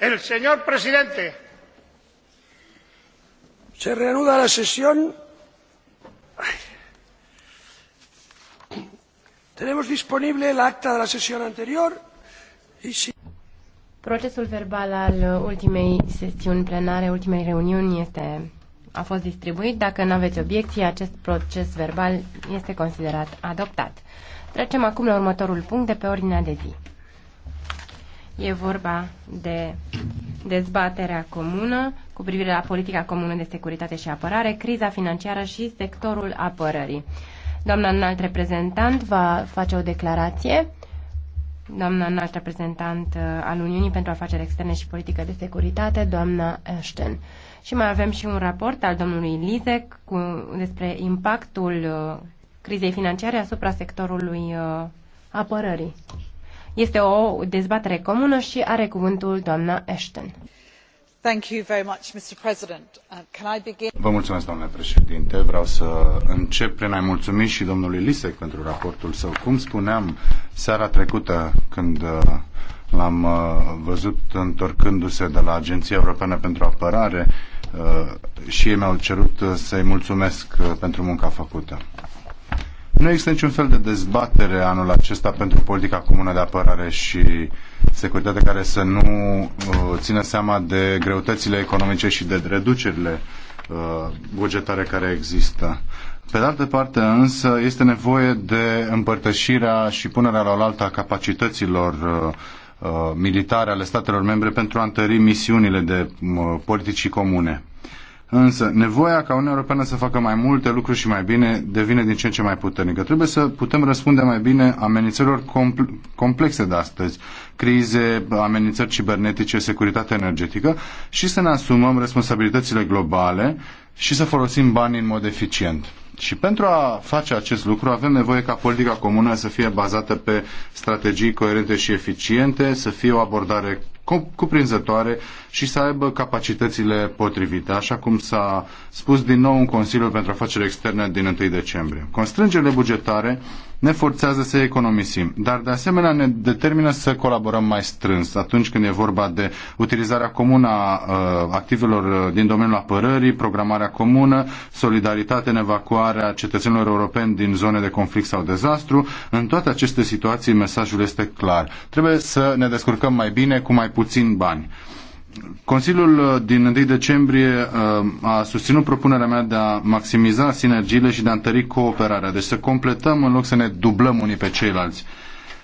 El señor presidente. Se reanuda la sesión. Tenemos disponible el acta de la sesión anterior y si... Procesul verbal al ultimei sesiuni plenare, ultimei reuniuni este a fost distribuit. Dacă nu aveți obiecții, acest proces verbal este considerat adoptat. Trecem acum la următorul punct de pe ordinea de zi. E vorba de dezbaterea comună cu privire la politica comună de securitate și apărare, criza financiară și sectorul apărării. Doamna înalt reprezentant va face o declarație. Doamna înalt reprezentant uh, al Uniunii pentru Afaceri Externe și Politică de Securitate, doamna Ashton. Și mai avem și un raport al domnului Lizek cu, despre impactul uh, crizei financiare asupra sectorului uh, apărării. Este o dezbatere comună și are cuvântul doamna Ashton. Uh, Vă mulțumesc, domnule președinte. Vreau să încep prin a-i mulțumi și domnului Lisek pentru raportul său. Cum spuneam seara trecută când uh, l-am uh, văzut întorcându-se de la Agenția Europeană pentru Apărare și ei mi-au cerut să-i mulțumesc pentru munca făcută. Nu există niciun fel de dezbatere anul acesta pentru politica comună de apărare și securitate care să nu uh, țină seama de greutățile economice și de reducerile uh, bugetare care există. Pe de altă parte, însă, este nevoie de împărtășirea și punerea la oaltă a capacităților uh, uh, militare ale statelor membre pentru a întări misiunile de politicii comune. Însă, nevoia ca Uniunea Europeană să facă mai multe lucruri și mai bine devine din ce în ce mai puternică. Trebuie să putem răspunde mai bine amenințărilor complexe de astăzi, crize, amenințări cibernetice, securitate energetică și să ne asumăm responsabilitățile globale și să folosim banii în mod eficient. Și pentru a face acest lucru avem nevoie ca politica comună să fie bazată pe strategii coerente și eficiente, să fie o abordare cuprinzătoare și să aibă capacitățile potrivite, așa cum s-a spus din nou în Consiliul pentru Afaceri Externe din 1 decembrie. Constrângerile bugetare ne forțează să economisim, dar de asemenea ne determină să colaborăm mai strâns atunci când e vorba de utilizarea comună a uh, activelor uh, din domeniul apărării, programarea comună, solidaritate în evacuarea cetățenilor europeni din zone de conflict sau dezastru. În toate aceste situații mesajul este clar. Trebuie să ne descurcăm mai bine cu mai puțin bani. Consiliul uh, din 1 decembrie uh, a susținut propunerea mea de a maximiza sinergiile și de a întări cooperarea, deci să completăm în loc să ne dublăm unii pe ceilalți.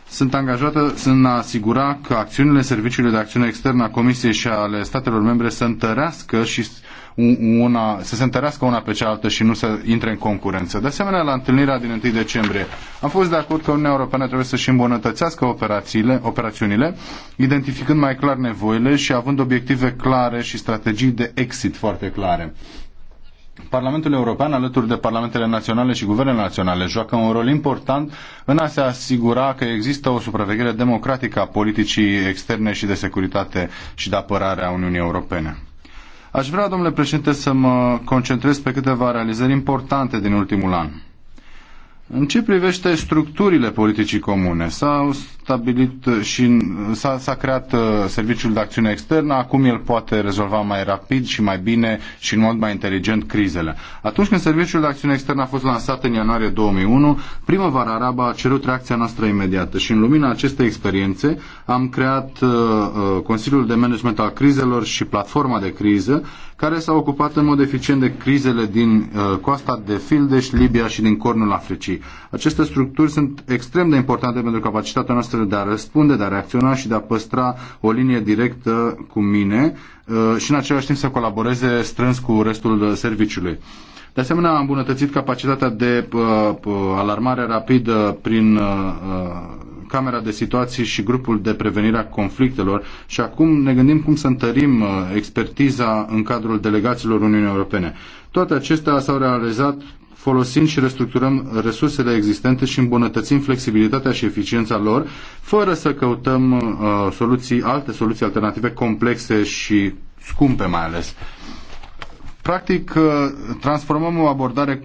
Sunt angajată în a asigura că acțiunile Serviciului de Acțiune Externă a Comisiei și ale statelor membre să întărească și una, să se întărească una pe cealaltă și nu să intre în concurență. De asemenea, la întâlnirea din 1 decembrie am fost de acord că Uniunea Europeană trebuie să-și îmbunătățească operațiile, operațiunile, identificând mai clar nevoile și având obiective clare și strategii de exit foarte clare. Parlamentul European, alături de parlamentele naționale și guvernele naționale, joacă un rol important în a se asigura că există o supraveghere democratică a politicii externe și de securitate și de apărare a Uniunii Europene. Aș vrea, domnule președinte, să mă concentrez pe câteva realizări importante din ultimul an. În ce privește structurile politicii comune, s-au stabilit și s-a, creat uh, serviciul de acțiune externă, acum el poate rezolva mai rapid și mai bine și în mod mai inteligent crizele. Atunci când serviciul de acțiune externă a fost lansat în ianuarie 2001, primăvara arabă a cerut reacția noastră imediată și în lumina acestei experiențe am creat uh, uh Consiliul de Management al Crizelor și Platforma de Criză care s-a ocupat în mod eficient de crizele din uh, coasta de Fildeș, Libia și din Cornul Africii. Aceste structuri sunt extrem de importante pentru capacitatea noastră de a răspunde, de a reacționa și de a păstra o linie directă cu mine uh, și în același timp să colaboreze strâns cu restul uh, serviciului. De asemenea, am îmbunătățit capacitatea de uh, uh alarmare rapidă prin uh, uh Camera de Situații și grupul de prevenire a conflictelor și acum ne gândim cum să întărim uh, expertiza în cadrul delegațiilor Uniunii Europene. Toate acestea s-au realizat folosind și restructurăm resursele existente și îmbunătățim flexibilitatea și eficiența lor, fără să căutăm uh, soluții, alte soluții alternative complexe și scumpe mai ales. Practic, uh, transformăm o abordare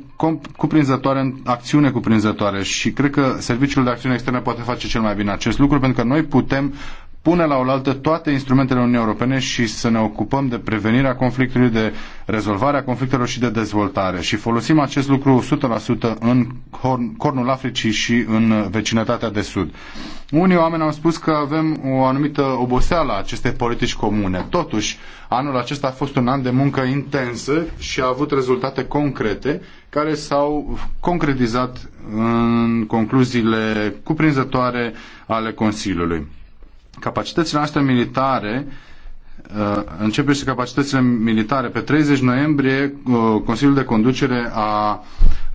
cuprinzătoare în acțiune cuprinzătoare și cred că Serviciul de Acțiune Externă poate face cel mai bine acest lucru pentru că noi putem pune la oaltă toate instrumentele Uniunii Europene și să ne ocupăm de prevenirea conflictului, de rezolvarea conflictelor și de dezvoltare. Și folosim acest lucru 100% în cornul Africii și în vecinătatea de sud. Unii oameni au spus că avem o anumită oboseală a acestei politici comune. Totuși, anul acesta a fost un an de muncă intensă și a avut rezultate concrete care s-au concretizat în concluziile cuprinzătoare ale Consiliului. Capacitățile noastre militare uh, începe și capacitățile militare. Pe 30 noiembrie, uh, Consiliul de Conducere a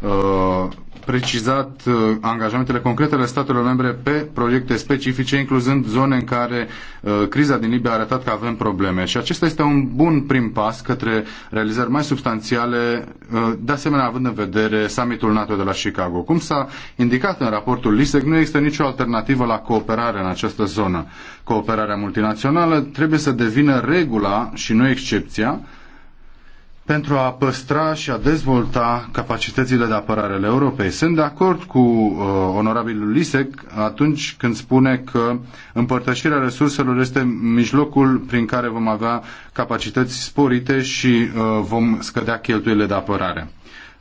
uh, precizat uh, angajamentele concrete ale statelor membre pe proiecte specifice, incluzând zone în care uh, criza din Libia a arătat că avem probleme. Și acesta este un bun prim pas către realizări mai substanțiale, uh, de asemenea având în vedere summitul NATO de la Chicago. Cum s-a indicat în raportul LISEC, nu există nicio alternativă la cooperare în această zonă. Cooperarea multinațională trebuie să devină regula și nu excepția, pentru a păstra și a dezvolta capacitățile de apărare ale Europei. Sunt de acord cu uh, onorabilul Lisek atunci când spune că împărtășirea resurselor este mijlocul prin care vom avea capacități sporite și uh, vom scădea cheltuielile de apărare.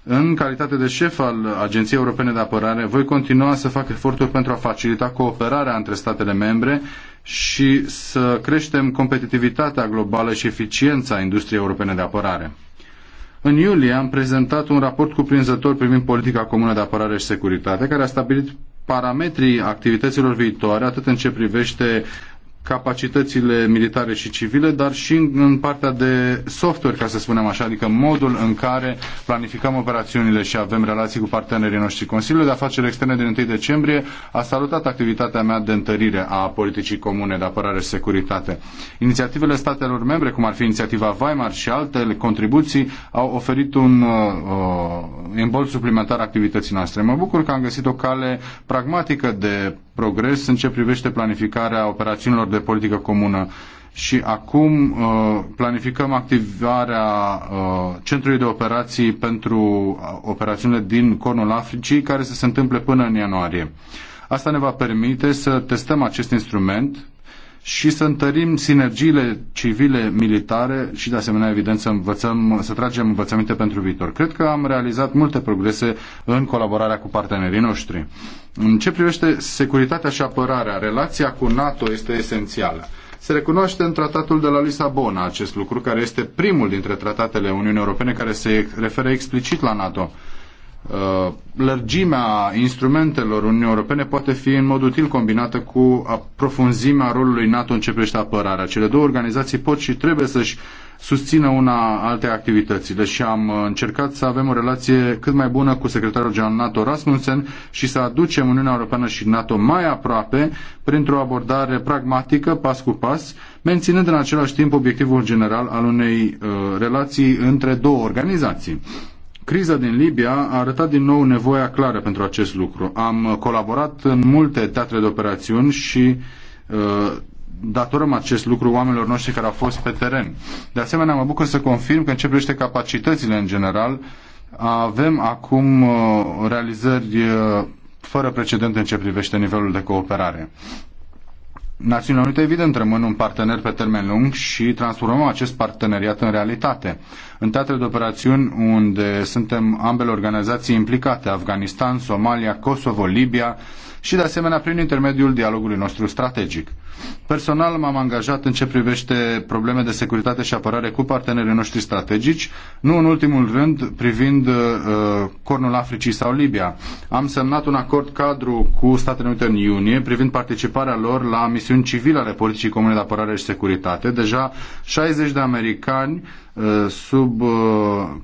În calitate de șef al Agenției Europene de Apărare, voi continua să fac eforturi pentru a facilita cooperarea între statele membre și să creștem competitivitatea globală și eficiența industriei europene de apărare. În iulie am prezentat un raport cuprinzător privind politica comună de apărare și securitate, care a stabilit parametrii activităților viitoare, atât în ce privește capacitățile militare și civile, dar și în partea de software, ca să spunem așa, adică modul în care planificăm operațiunile și avem relații cu partenerii noștri. Consiliul de Afaceri Externe din 1 decembrie a salutat activitatea mea de întărire a politicii comune de apărare și securitate. Inițiativele statelor membre, cum ar fi inițiativa Weimar și alte contribuții, au oferit un uh, imbol suplimentar activității noastre. Mă bucur că am găsit o cale pragmatică de progres în ce privește planificarea operațiunilor de politică comună. Și acum uh, planificăm activarea uh, centrului de operații pentru uh, operațiunile din Cornul Africii, care să se întâmple până în ianuarie. Asta ne va permite să testăm acest instrument și să întărim sinergiile civile, militare și de asemenea, evident, să, învățăm, să tragem învățăminte pentru viitor. Cred că am realizat multe progrese în colaborarea cu partenerii noștri. În ce privește securitatea și apărarea, relația cu NATO este esențială. Se recunoaște în tratatul de la Lisabona acest lucru, care este primul dintre tratatele Uniunii Europene care se referă explicit la NATO. Uh, lărgimea instrumentelor Uniunii Europene poate fi în mod util combinată cu profunzimea rolului NATO în ce privește apărarea. Cele două organizații pot și trebuie să-și susțină una alte activitățile și deci am încercat să avem o relație cât mai bună cu secretarul general NATO Rasmussen și să aducem Uniunea Europeană și NATO mai aproape printr-o abordare pragmatică, pas cu pas, menținând în același timp obiectivul general al unei uh, relații între două organizații. Criza din Libia a arătat din nou nevoia clară pentru acest lucru. Am colaborat în multe teatre de operațiuni și uh, datorăm acest lucru oamenilor noștri care au fost pe teren. De asemenea, mă bucur să confirm că în ce privește capacitățile în general, avem acum uh, realizări uh, fără precedent în ce privește nivelul de cooperare. Națiunile Unite, evident, rămân un partener pe termen lung și transformăm acest parteneriat în realitate în teatre de operațiuni unde suntem ambele organizații implicate, Afganistan, Somalia, Kosovo, Libia și de asemenea prin intermediul dialogului nostru strategic. Personal m-am angajat în ce privește probleme de securitate și apărare cu partenerii noștri strategici, nu în ultimul rând privind uh, Cornul Africii sau Libia. Am semnat un acord cadru cu Statele Unite în iunie privind participarea lor la misiuni civile ale politicii comune de apărare și securitate. Deja 60 de americani sub, uh,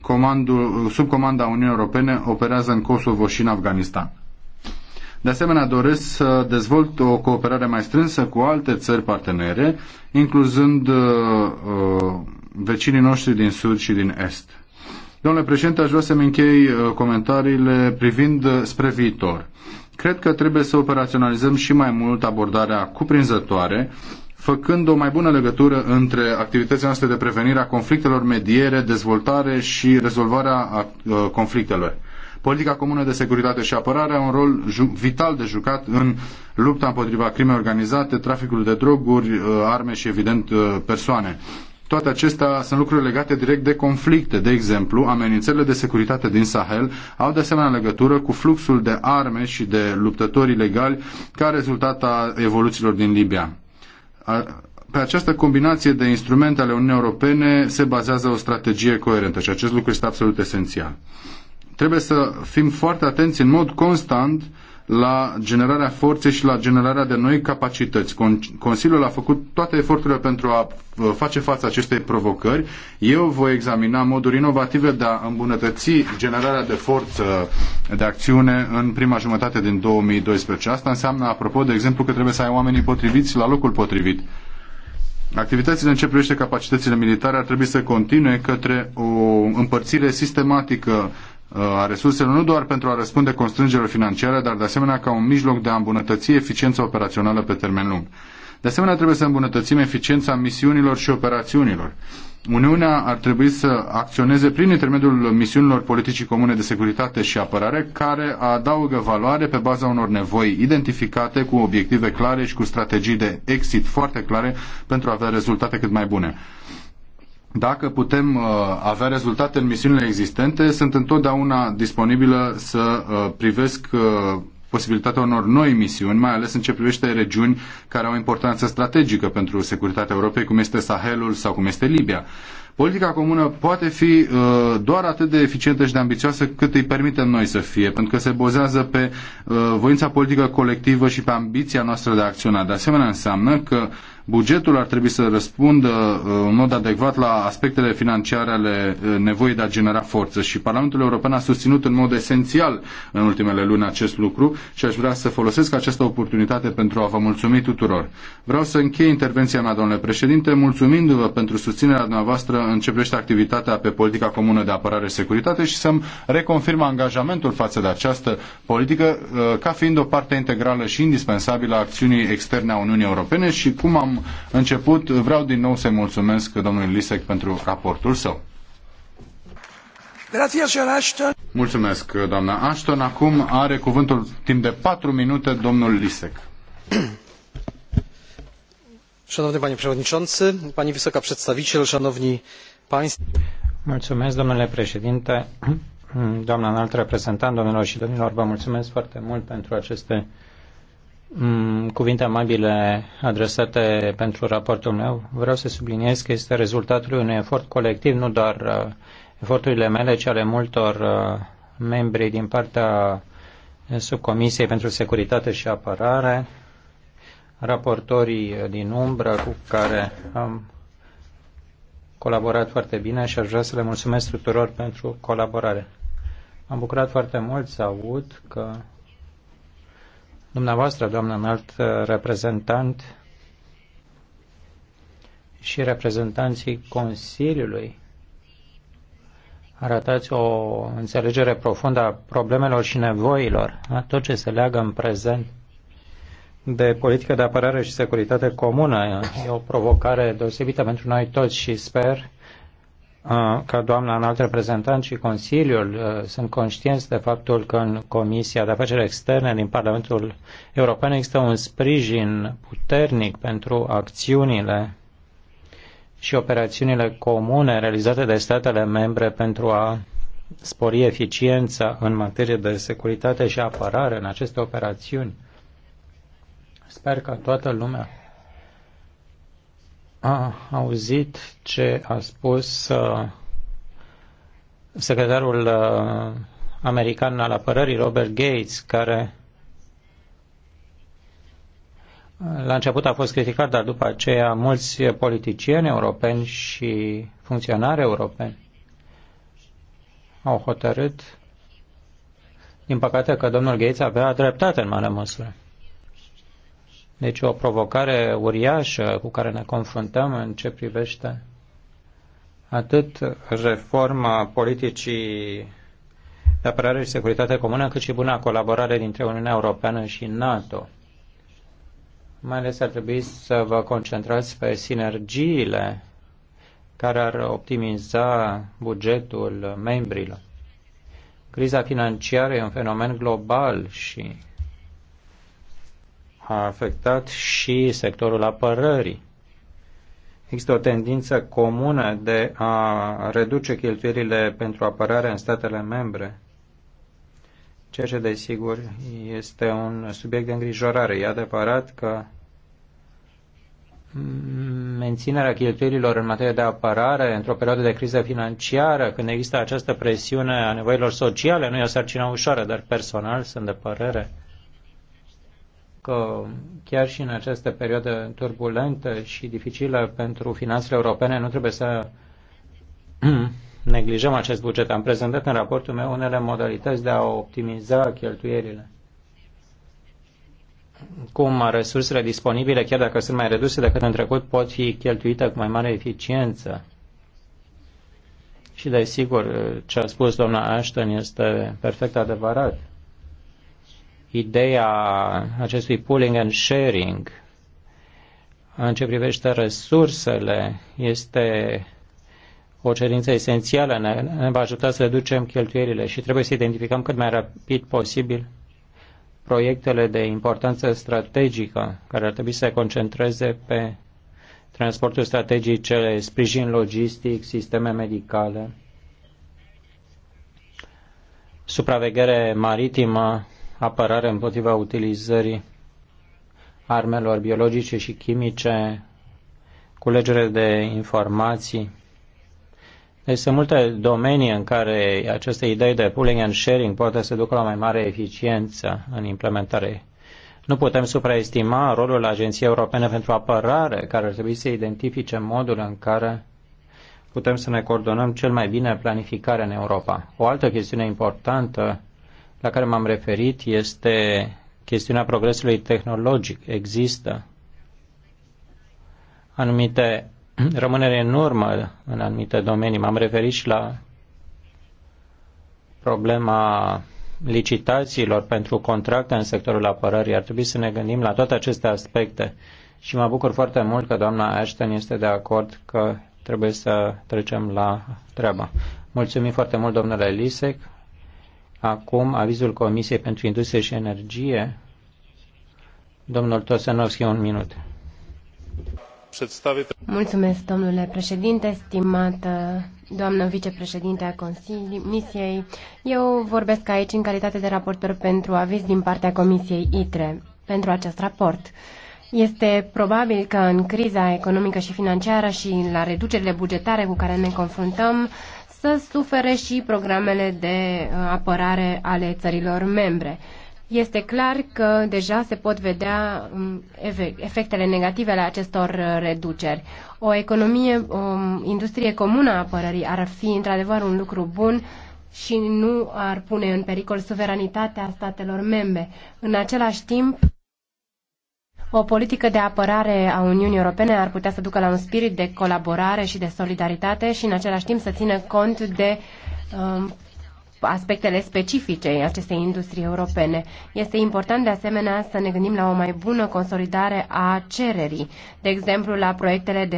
comandul, sub comanda Uniunii Europene operează în Kosovo și în Afganistan. De asemenea, doresc să dezvolt o cooperare mai strânsă cu alte țări partenere, incluzând uh, uh vecinii noștri din sud și din est. Domnule președinte, aș vrea să-mi închei uh, comentariile privind spre viitor. Cred că trebuie să operaționalizăm și mai mult abordarea cuprinzătoare făcând o mai bună legătură între activitățile noastre de prevenire a conflictelor, mediere, dezvoltare și rezolvarea uh, conflictelor. Politica comună de securitate și apărare are un rol vital de jucat în lupta împotriva crimei organizate, traficul de droguri, uh, arme și, evident, uh, persoane. Toate acestea sunt lucruri legate direct de conflicte. De exemplu, amenințările de securitate din Sahel au de asemenea legătură cu fluxul de arme și de luptători ilegali ca rezultat a evoluțiilor din Libia pe această combinație de instrumente ale Uniunii Europene se bazează o strategie coerentă și acest lucru este absolut esențial. Trebuie să fim foarte atenți în mod constant la generarea forței și la generarea de noi capacități. Consiliul a făcut toate eforturile pentru a uh, face față acestei provocări. Eu voi examina moduri inovative de a îmbunătăți generarea de forță de acțiune în prima jumătate din 2012. Asta înseamnă, apropo, de exemplu, că trebuie să ai oamenii potriviți la locul potrivit. Activitățile în ce privește capacitățile militare ar trebui să continue către o împărțire sistematică Uh, a resurselor nu doar pentru a răspunde constrângerilor financiare, dar de asemenea ca un mijloc de a îmbunătăți eficiența operațională pe termen lung. De asemenea, trebuie să îmbunătățim eficiența misiunilor și operațiunilor. Uniunea ar trebui să acționeze prin intermediul misiunilor politicii comune de securitate și apărare, care adaugă valoare pe baza unor nevoi identificate cu obiective clare și cu strategii de exit foarte clare pentru a avea rezultate cât mai bune dacă putem uh, avea rezultate în misiunile existente, sunt întotdeauna disponibilă să uh, privesc uh, posibilitatea unor noi misiuni, mai ales în ce privește regiuni care au importanță strategică pentru securitatea Europei, cum este Sahelul sau cum este Libia. Politica comună poate fi uh, doar atât de eficientă și de ambițioasă cât îi permitem noi să fie, pentru că se bozează pe uh, voința politică colectivă și pe ambiția noastră de a acționa. De asemenea, înseamnă că uh, Bugetul ar trebui să răspundă uh, în mod adecvat la aspectele financiare ale uh, nevoii de a genera forță și Parlamentul European a susținut în mod esențial în ultimele luni acest lucru și aș vrea să folosesc această oportunitate pentru a vă mulțumi tuturor. Vreau să închei intervenția mea, domnule președinte, mulțumindu-vă pentru susținerea dumneavoastră în ce privește activitatea pe politica comună de apărare și securitate și să-mi reconfirm angajamentul față de această politică uh, ca fiind o parte integrală și indispensabilă a acțiunii externe a Uniunii Europene și cum am început, vreau din nou să-i mulțumesc domnului Lisek pentru raportul său. Mulțumesc, doamna Ashton. Acum are cuvântul timp de patru minute domnul Lisek. Szanowny panie przewodniczący, pani wysoka przedstawiciel, szanowni państwo. Mulțumesc, domnule președinte, doamna înalt reprezentant, domnilor și domnilor, vă mulțumesc foarte mult pentru aceste Mm, cuvinte amabile adresate pentru raportul meu. Vreau să subliniez că este rezultatul unui efort colectiv, nu doar uh, eforturile mele, ci ale multor uh, membri din partea Subcomisiei pentru Securitate și Apărare, raportorii uh, din umbră cu care am colaborat foarte bine și aș vrea să le mulțumesc tuturor pentru colaborare. Am bucurat foarte mult să aud că Dumneavoastră, doamnă înalt uh, reprezentant, și reprezentanții Consiliului arătați o înțelegere profundă a problemelor și nevoilor, a tot ce se leagă în prezent de politică de apărare și securitate comună. E o provocare deosebită pentru noi toți și sper că doamna înalt reprezentant și Consiliul sunt conștienți de faptul că în Comisia de Afaceri Externe din Parlamentul European există un sprijin puternic pentru acțiunile și operațiunile comune realizate de statele membre pentru a spori eficiența în materie de securitate și apărare în aceste operațiuni. Sper că toată lumea a auzit ce a spus uh, secretarul uh, american al apărării, Robert Gates, care uh, la început a fost criticat, dar după aceea mulți politicieni europeni și funcționari europeni au hotărât, din păcate, că domnul Gates avea dreptate în mare măsură. Deci o provocare uriașă cu care ne confruntăm în ce privește atât reforma politicii de apărare și securitate comună, cât și buna colaborare dintre Uniunea Europeană și NATO. Mai ales ar trebui să vă concentrați pe sinergiile care ar optimiza bugetul membrilor. Criza financiară e un fenomen global și a afectat și sectorul apărării. Există o tendință comună de a reduce cheltuielile pentru apărare în statele membre, ceea ce, desigur, este un subiect de îngrijorare. E adevărat că menținerea cheltuielilor în materie de apărare într-o perioadă de criză financiară, când există această presiune a nevoilor sociale, nu e o sarcină ușoară, dar personal sunt de părere că chiar și în această perioadă turbulentă și dificilă pentru finanțele europene nu trebuie să neglijăm acest buget. Am prezentat în raportul meu unele modalități de a optimiza cheltuierile cum resursele disponibile, chiar dacă sunt mai reduse decât în trecut, pot fi cheltuite cu mai mare eficiență. Și desigur, ce a spus doamna Ashton este perfect adevărat ideea acestui pooling and sharing în ce privește resursele este o cerință esențială. Ne, ne va ajuta să reducem cheltuielile și trebuie să identificăm cât mai rapid posibil proiectele de importanță strategică care ar trebui să se concentreze pe transportul strategice, sprijin logistic, sisteme medicale, supraveghere maritimă, apărare împotriva utilizării armelor biologice și chimice, culegere de informații. Deci sunt multe domenii în care aceste idei de pooling and sharing poate să ducă la mai mare eficiență în implementare. Nu putem supraestima rolul Agenției Europene pentru Apărare, care ar trebui să identifice modul în care putem să ne coordonăm cel mai bine planificarea în Europa. O altă chestiune importantă la care m-am referit este chestiunea progresului tehnologic. Există anumite rămânere în urmă în anumite domenii. M-am referit și la problema licitațiilor pentru contracte în sectorul apărării. Ar trebui să ne gândim la toate aceste aspecte și mă bucur foarte mult că doamna Ashton este de acord că trebuie să trecem la treaba. Mulțumim foarte mult, domnule Lisek. Acum, avizul Comisiei pentru Industrie și Energie. Domnul Tosanovski, un minut. Mulțumesc, domnule președinte, stimată doamnă vicepreședinte a Comisiei. Eu vorbesc aici în calitate de raportor pentru aviz din partea Comisiei ITRE pentru acest raport. Este probabil că în criza economică și financiară și la reducerile bugetare cu care ne confruntăm, să sufere și programele de uh, apărare ale țărilor membre. Este clar că deja se pot vedea um, efectele negative ale acestor uh, reduceri. O economie, o um, industrie comună a apărării ar fi într-adevăr un lucru bun și nu ar pune în pericol suveranitatea statelor membre. În același timp, o politică de apărare a Uniunii Europene ar putea să ducă la un spirit de colaborare și de solidaritate și în același timp să țină cont de um, aspectele specifice acestei industrii europene. Este important de asemenea să ne gândim la o mai bună consolidare a cererii, de exemplu la proiectele de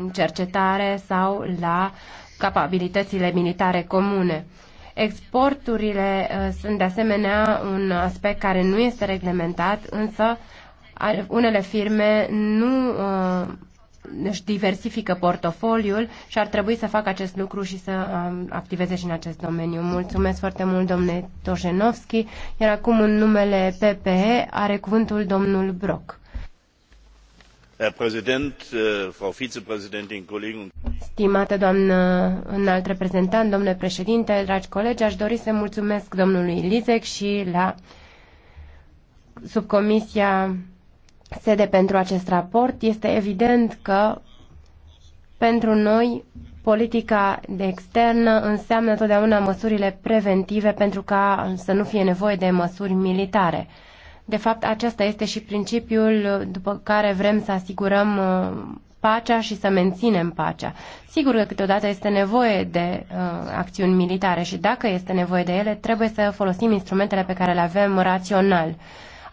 um, cercetare sau la capabilitățile militare comune. Exporturile uh, sunt de asemenea un aspect care nu este reglementat, însă unele firme nu uh, își diversifică portofoliul și ar trebui să facă acest lucru și să um, activeze și în acest domeniu. Mulțumesc foarte mult, domnule Toșenovski. Iar acum, în numele PPE, are cuvântul domnul Brock. Herr Präsident, äh, Frau Vizepräsidentin, Kollegen. Stimată doamnă înalt reprezentant, domnule președinte, dragi colegi, aș dori să mulțumesc domnului Lizec și la subcomisia sede pentru acest raport. Este evident că pentru noi politica de externă înseamnă totdeauna măsurile preventive pentru ca să nu fie nevoie de măsuri militare. De fapt, acesta este și principiul după care vrem să asigurăm uh, pacea și să menținem pacea. Sigur că câteodată este nevoie de uh, acțiuni militare și dacă este nevoie de ele, trebuie să folosim instrumentele pe care le avem rațional. Uh,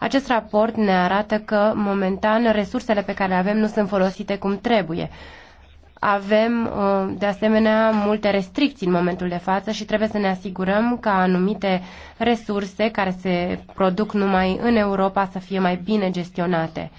acest raport ne arată că, momentan, resursele pe care le avem nu sunt folosite cum trebuie. Avem, uh, de asemenea, multe restricții în momentul de față și trebuie să ne asigurăm ca anumite resurse care se produc numai în Europa să fie mai bine gestionate.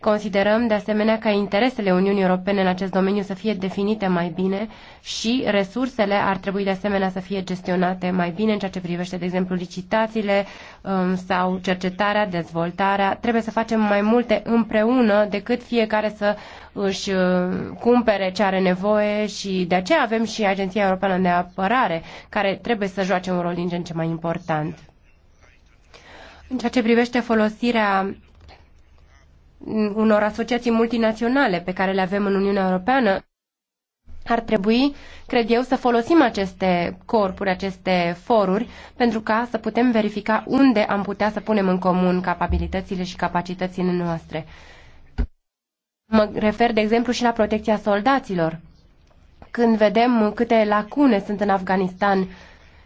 Considerăm de asemenea ca interesele Uniunii Europene în acest domeniu să fie definite mai bine și resursele ar trebui de asemenea să fie gestionate mai bine în ceea ce privește, de exemplu, licitațiile um, sau cercetarea, dezvoltarea. Trebuie să facem mai multe împreună decât fiecare să își uh, cumpere ce are nevoie și de aceea avem și Agenția Europeană de Apărare, care trebuie să joace un rol din ce în ce mai important. În ceea ce privește folosirea unor asociații multinaționale pe care le avem în Uniunea Europeană, ar trebui, cred eu, să folosim aceste corpuri, aceste foruri, pentru ca să putem verifica unde am putea să punem în comun capabilitățile și capacitățile noastre. Mă refer, de exemplu, și la protecția soldaților. Când vedem câte lacune sunt în Afganistan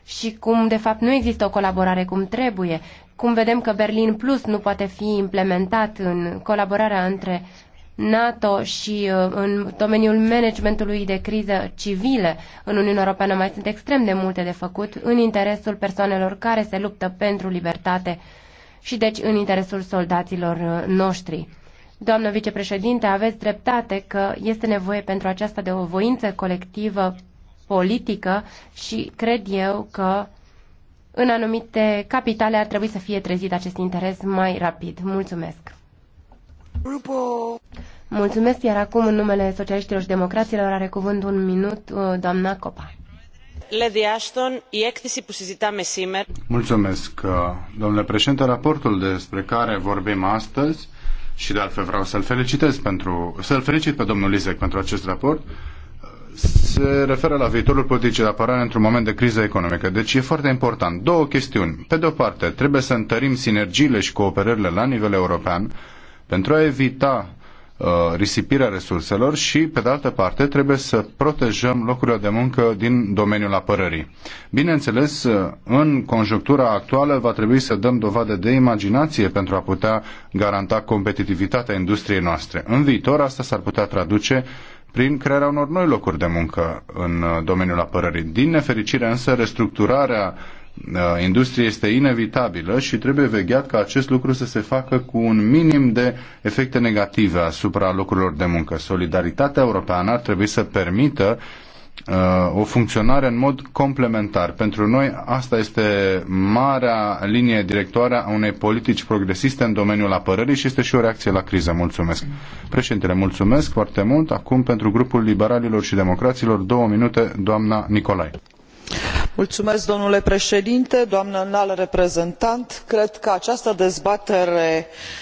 și cum de fapt nu există o colaborare cum trebuie, cum vedem că Berlin Plus nu poate fi implementat în colaborarea între NATO și uh, în domeniul managementului de criză civile în Uniunea Europeană mai sunt extrem de multe de făcut în interesul persoanelor care se luptă pentru libertate și deci în interesul soldaților uh, noștri. Doamnă vicepreședinte, aveți dreptate că este nevoie pentru aceasta de o voință colectivă politică și cred eu că în anumite capitale ar trebui să fie trezit acest interes mai rapid. Mulțumesc! Grupo. Mulțumesc, iar acum în numele socialiștilor și democraților are cuvânt un minut uh, doamna Copa. Lady Ashton, Mulțumesc, uh, domnule președinte. Raportul despre care vorbim astăzi și de altfel vreau să-l felicitez pentru, să-l felicit pe domnul Lizec pentru acest raport se referă la viitorul politicii de apărare într-un moment de criză economică. Deci e foarte important. Două chestiuni. Pe de o parte, trebuie să întărim sinergiile și cooperările la nivel european pentru a evita uh, risipirea resurselor și, pe de altă parte, trebuie să protejăm locurile de muncă din domeniul apărării. Bineînțeles, uh, în conjunctura actuală va trebui să dăm dovadă de imaginație pentru a putea garanta competitivitatea industriei noastre. În viitor, asta s-ar putea traduce uh, prin crearea unor noi locuri de muncă în uh, domeniul apărării. Din nefericire însă, restructurarea uh, industriei este inevitabilă și trebuie vegheat ca acest lucru să se facă cu un minim de efecte negative asupra locurilor de muncă. Solidaritatea europeană ar trebui să permită uh, Uh, o funcționare în mod complementar. Pentru noi asta este marea linie directoare a unei politici progresiste în domeniul apărării și este și o reacție la criză. Mulțumesc. Președintele, mulțumesc foarte mult. Acum pentru grupul liberalilor și democraților două minute, doamna Nicolai. Mulțumesc, domnule președinte, doamnă înalt reprezentant. Cred că această dezbatere uh,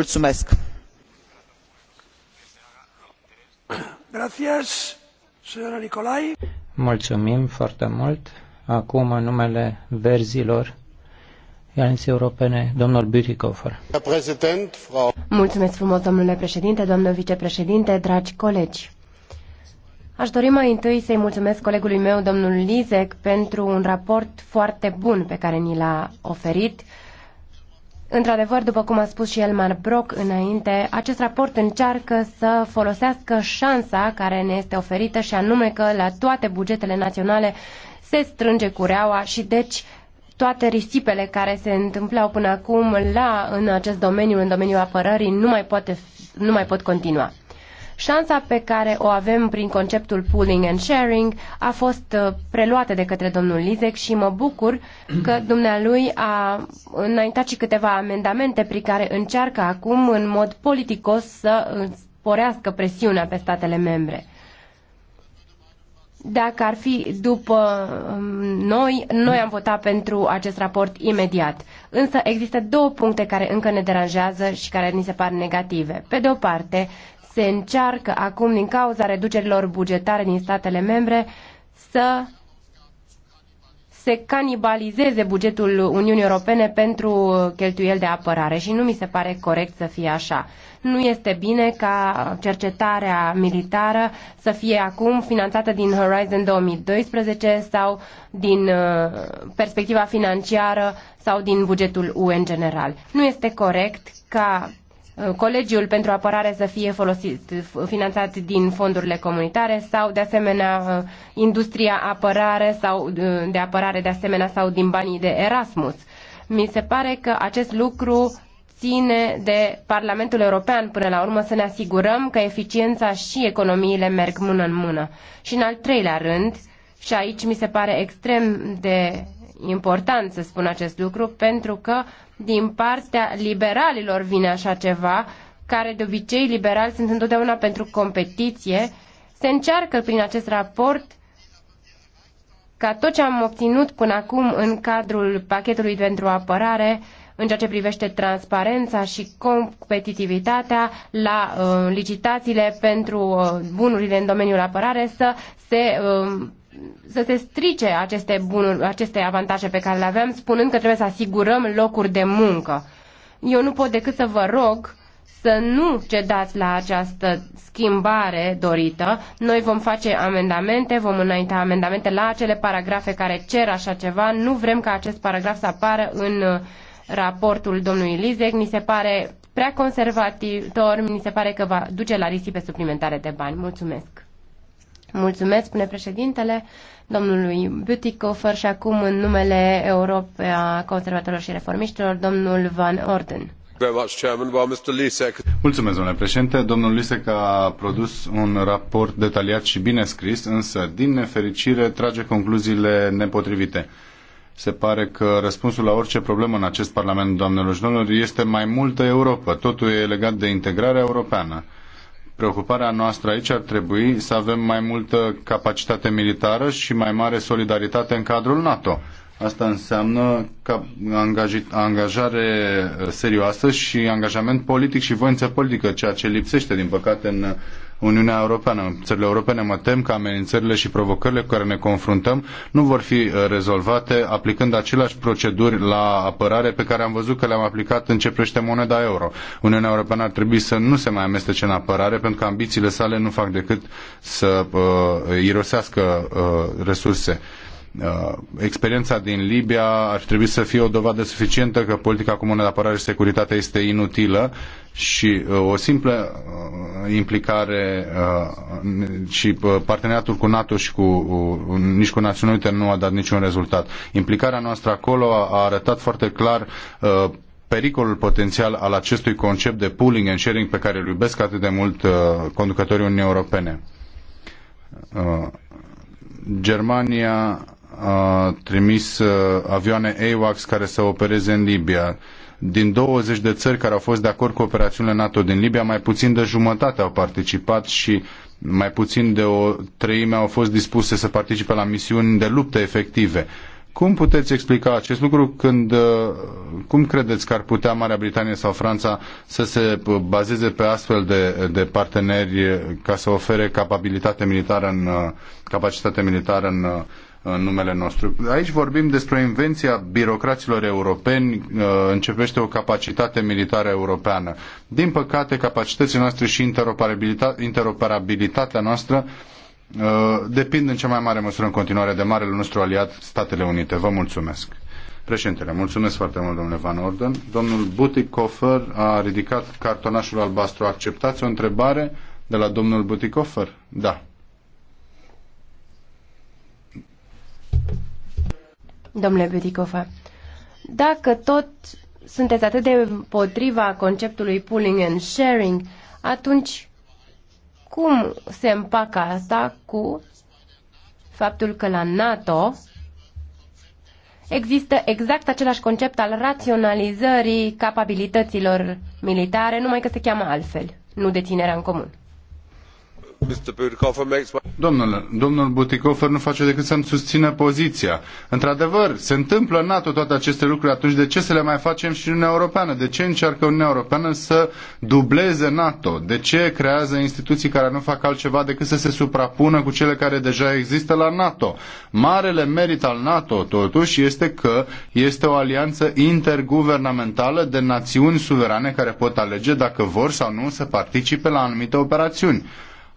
Mulțumesc! Mulțumim foarte mult. Acum, în numele verzilor, Alianței Europene, domnul Bütikofer. Mulțumesc frumos, domnule președinte, domnule vicepreședinte, dragi colegi. Aș dori mai întâi să-i mulțumesc colegului meu, domnul Lizec, pentru un raport foarte bun pe care ni l-a oferit Într-adevăr, după cum a spus și Elmar Brock înainte, acest raport încearcă să folosească șansa care ne este oferită și anume că la toate bugetele naționale se strânge cureaua și deci toate risipele care se întâmplau până acum la, în acest domeniu, în domeniul apărării, nu mai, poate, nu mai pot continua. Șansa pe care o avem prin conceptul pooling and sharing a fost uh, preluată de către domnul Lizec și mă bucur că dumnealui a înaintat și câteva amendamente prin care încearcă acum în mod politicos să uh, sporească presiunea pe statele membre dacă ar fi după um, noi, noi am votat pentru acest raport imediat. Însă există două puncte care încă ne deranjează și care ni se par negative. Pe de o parte, se încearcă acum, din cauza reducerilor bugetare din statele membre, să se canibalizeze bugetul Uniunii Europene pentru cheltuieli de apărare și nu mi se pare corect să fie așa. Nu este bine ca cercetarea militară să fie acum finanțată din Horizon 2012 sau din uh, perspectiva financiară sau din bugetul UE în general. Nu este corect ca Uh, colegiul pentru apărare să fie folosit, finanțat din fondurile comunitare sau, de asemenea, uh, industria apărare sau uh, de apărare, de asemenea, sau din banii de Erasmus. Mi se pare că acest lucru ține de Parlamentul European până la urmă să ne asigurăm că eficiența și economiile merg mână în mână. Și în al treilea rând, și aici mi se pare extrem de important să spun acest lucru, pentru că din partea liberalilor vine așa ceva, care de obicei liberali sunt întotdeauna pentru competiție, se încearcă prin acest raport ca tot ce am obținut până acum în cadrul pachetului pentru apărare, în ceea ce privește transparența și competitivitatea la uh, licitațiile pentru uh, bunurile în domeniul apărare, să se uh, să se strice aceste, bunuri, aceste avantaje pe care le avem, spunând că trebuie să asigurăm locuri de muncă. Eu nu pot decât să vă rog să nu cedați la această schimbare dorită. Noi vom face amendamente, vom înainta amendamente la acele paragrafe care cer așa ceva. Nu vrem ca acest paragraf să apară în uh, raportul domnului Lizec. Ni se pare prea conservator, mi se pare că va duce la risipe suplimentare de bani. Mulțumesc! Mulțumesc, spune președintele, domnului Butikofer și acum în numele Europei a conservatorilor și reformiștilor, domnul Van Orden. Mulțumesc, domnule președinte. Domnul Lisek a produs un raport detaliat și bine scris, însă, din nefericire, trage concluziile nepotrivite. Se pare că răspunsul la orice problemă în acest Parlament, doamnelor și domnilor, este mai multă Europa. Totul e legat de integrarea europeană Preocuparea noastră aici ar trebui să avem mai multă capacitate militară și mai mare solidaritate în cadrul NATO. Asta înseamnă ca angajare serioasă și angajament politic și voință politică, ceea ce lipsește, din păcate, în Uniunea Europeană. Țările europene mă tem că amenințările și provocările cu care ne confruntăm nu vor fi uh, rezolvate aplicând aceleași proceduri la apărare pe care am văzut că le-am aplicat în ce prește moneda euro. Uniunea Europeană ar trebui să nu se mai amestece în apărare pentru că ambițiile sale nu fac decât să uh, irosească uh, resurse. Uh, experiența din Libia ar trebui să fie o dovadă suficientă că politica comună de apărare și securitate este inutilă și uh, o simplă uh, implicare și parteneriatul cu NATO și cu nici cu Națiunile Unite nu a dat niciun rezultat. Implicarea noastră acolo a arătat foarte clar pericolul potențial al acestui concept de pooling and sharing pe care îl iubesc atât de mult conducătorii Uniunii Europene. Germania a trimis uh, avioane AWACS care să opereze în Libia. Din 20 de țări care au fost de acord cu operațiunile NATO din Libia, mai puțin de jumătate au participat și mai puțin de o treime au fost dispuse să participe la misiuni de luptă efective. Cum puteți explica acest lucru când, uh, cum credeți că ar putea Marea Britanie sau Franța să se bazeze pe astfel de, de parteneri ca să ofere capabilitate militară în, uh, capacitate militară în în numele nostru. Aici vorbim despre invenția birocraților europeni, uh, începește o capacitate militară europeană. Din păcate, capacitățile noastre și interoperabilitatea noastră uh, depind în cea mai mare măsură în continuare de marele nostru aliat, Statele Unite. Vă mulțumesc. Președintele, mulțumesc foarte mult, domnule Van Orden. Domnul Butikofer a ridicat cartonașul albastru. Acceptați o întrebare de la domnul Butikofer? Da. Domnule Beautycofer, dacă tot sunteți atât de împotriva conceptului pooling and sharing, atunci cum se împacă asta cu faptul că la NATO există exact același concept al raționalizării capabilităților militare, numai că se cheamă altfel, nu deținerea în comun? Domnule, domnul Butikofer nu face decât să-mi susțină poziția. Într-adevăr, se întâmplă în NATO toate aceste lucruri, atunci de ce să le mai facem și în Uniunea Europeană? De ce încearcă Uniunea Europeană să dubleze NATO? De ce creează instituții care nu fac altceva decât să se suprapună cu cele care deja există la NATO? Marele merit al NATO, totuși, este că este o alianță interguvernamentală de națiuni suverane care pot alege dacă vor sau nu să participe la anumite operațiuni.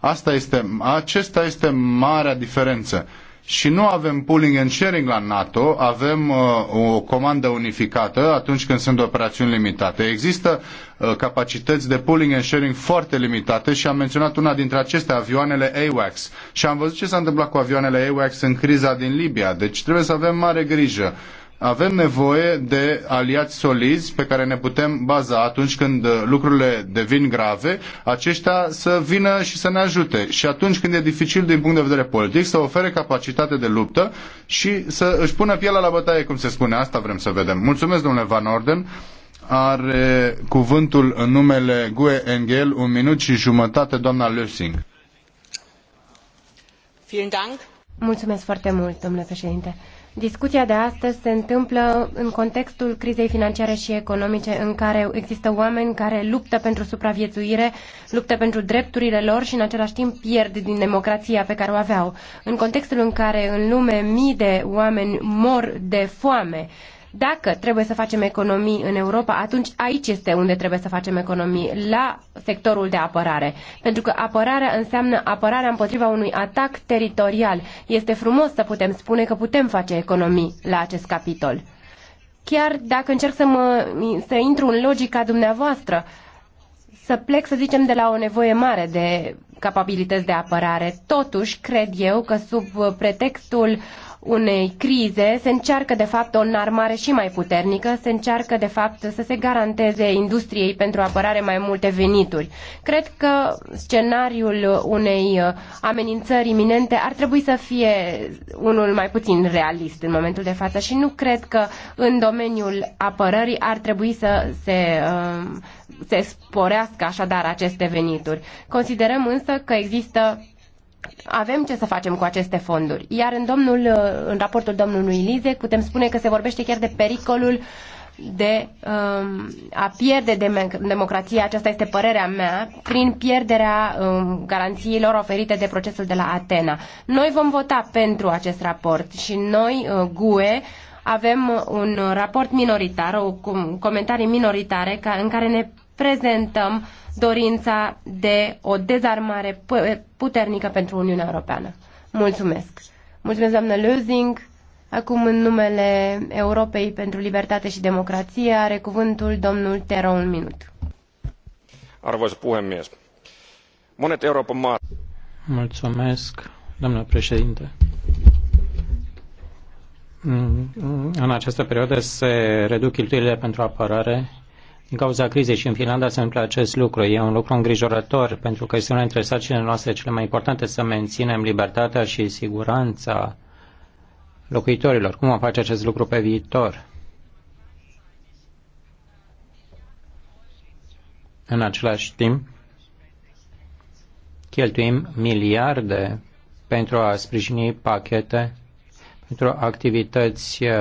Asta este, acesta este marea diferență. Și nu avem pooling and sharing la NATO, avem uh, o comandă unificată atunci când sunt operațiuni limitate. Există uh, capacități de pooling and sharing foarte limitate și am menționat una dintre acestea, avioanele AWACS. Și am văzut ce s-a întâmplat cu avioanele AWACS în criza din Libia. Deci trebuie să avem mare grijă. Uh, avem nevoie de aliați solizi pe care ne putem baza atunci când uh, lucrurile devin grave, aceștia să vină și să ne ajute. Și atunci când e dificil din punct de vedere politic, să ofere capacitate de luptă și să își pună pielea la bătaie, cum se spune. Asta vrem să vedem. Mulțumesc, domnule Van Orden are cuvântul în numele GUE Engel, un minut și jumătate, doamna Lösing. Mulțumesc foarte mult, domnule președinte. Discuția de astăzi se întâmplă în contextul crizei financiare și economice în care există oameni care luptă pentru supraviețuire, luptă pentru drepturile lor și în același timp pierd din democrația pe care o aveau. În contextul în care în lume mii de oameni mor de foame, dacă trebuie să facem economii în Europa, atunci aici este unde trebuie să facem economii, la sectorul de apărare. Pentru că apărarea înseamnă apărarea împotriva unui atac teritorial. Este frumos să putem spune că putem face economii la acest capitol. Chiar dacă încerc să, mă, să intru în logica dumneavoastră, să plec, să zicem, de la o nevoie mare de capabilități de apărare. Totuși, cred eu că sub pretextul uh, unei crize, se încearcă de fapt o înarmare și mai puternică, se încearcă de fapt să se garanteze industriei pentru apărare mai multe venituri. Cred că scenariul unei uh, amenințări iminente ar trebui să fie unul mai puțin realist în momentul de față și nu cred că în domeniul apărării ar trebui să se uh, se sporească așadar aceste venituri. Considerăm însă că există avem ce să facem cu aceste fonduri. Iar în, domnul, uh, în raportul domnului Lize putem spune că se vorbește chiar de pericolul de um, a pierde democrația, aceasta este părerea mea, prin pierderea um, garanțiilor oferite de procesul de la Atena. Noi vom vota pentru acest raport și noi, uh, GUE, avem un raport minoritar, o comentarii minoritare ca, în care ne prezentăm dorința de o dezarmare puternică pentru Uniunea Europeană. Mulțumesc! Mulțumesc, doamnă Lözing! Acum, în numele Europei pentru Libertate și Democrație, are cuvântul domnul Tero un minut. Arvoisa puhemies, monet Euroopan maat... Mulțumesc, doamnă președinte. În această perioadă se reduc cheltuielile pentru apărare din cauza crizei și în Finlanda se întâmplă acest lucru. E un lucru îngrijorător pentru că este una dintre sarcinile noastre cele mai importante să menținem libertatea și siguranța locuitorilor. Cum vom face acest lucru pe viitor? În același timp, cheltuim miliarde pentru a sprijini pachete, pentru activități uh,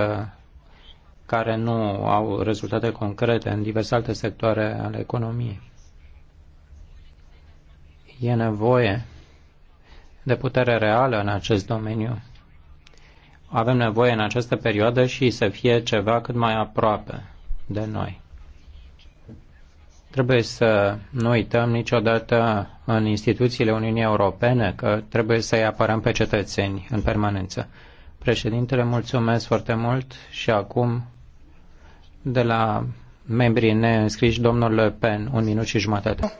care nu au rezultate concrete în diverse alte sectoare ale economiei. E nevoie de putere reală în acest domeniu. Avem nevoie în această perioadă și să fie ceva cât mai aproape de noi. Trebuie să nu uităm niciodată în instituțiile Uniunii Europene că trebuie să-i apărăm pe cetățeni în permanență. Președintele, mulțumesc foarte mult și acum de la membrii neînscriși, domnul Le Pen, un minut și jumătate.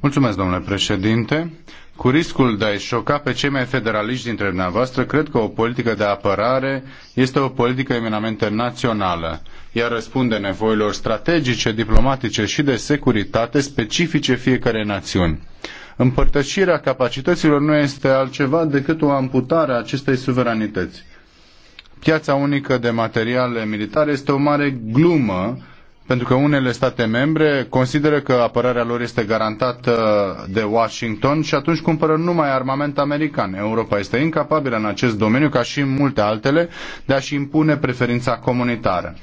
Mulțumesc, domnule președinte. Cu riscul de a-i șoca pe cei mai federaliști dintre dumneavoastră, cred că o politică de apărare este o politică eminamente națională. Ea răspunde nevoilor strategice, diplomatice și de securitate specifice fiecare națiuni. Împărtășirea capacităților nu este altceva decât o amputare a acestei suveranități piața unică de materiale militare este o mare glumă pentru că unele state membre consideră că apărarea lor este garantată de Washington și atunci cumpără numai armament american. Europa este incapabilă în acest domeniu, ca și în multe altele, de a-și impune preferința comunitară.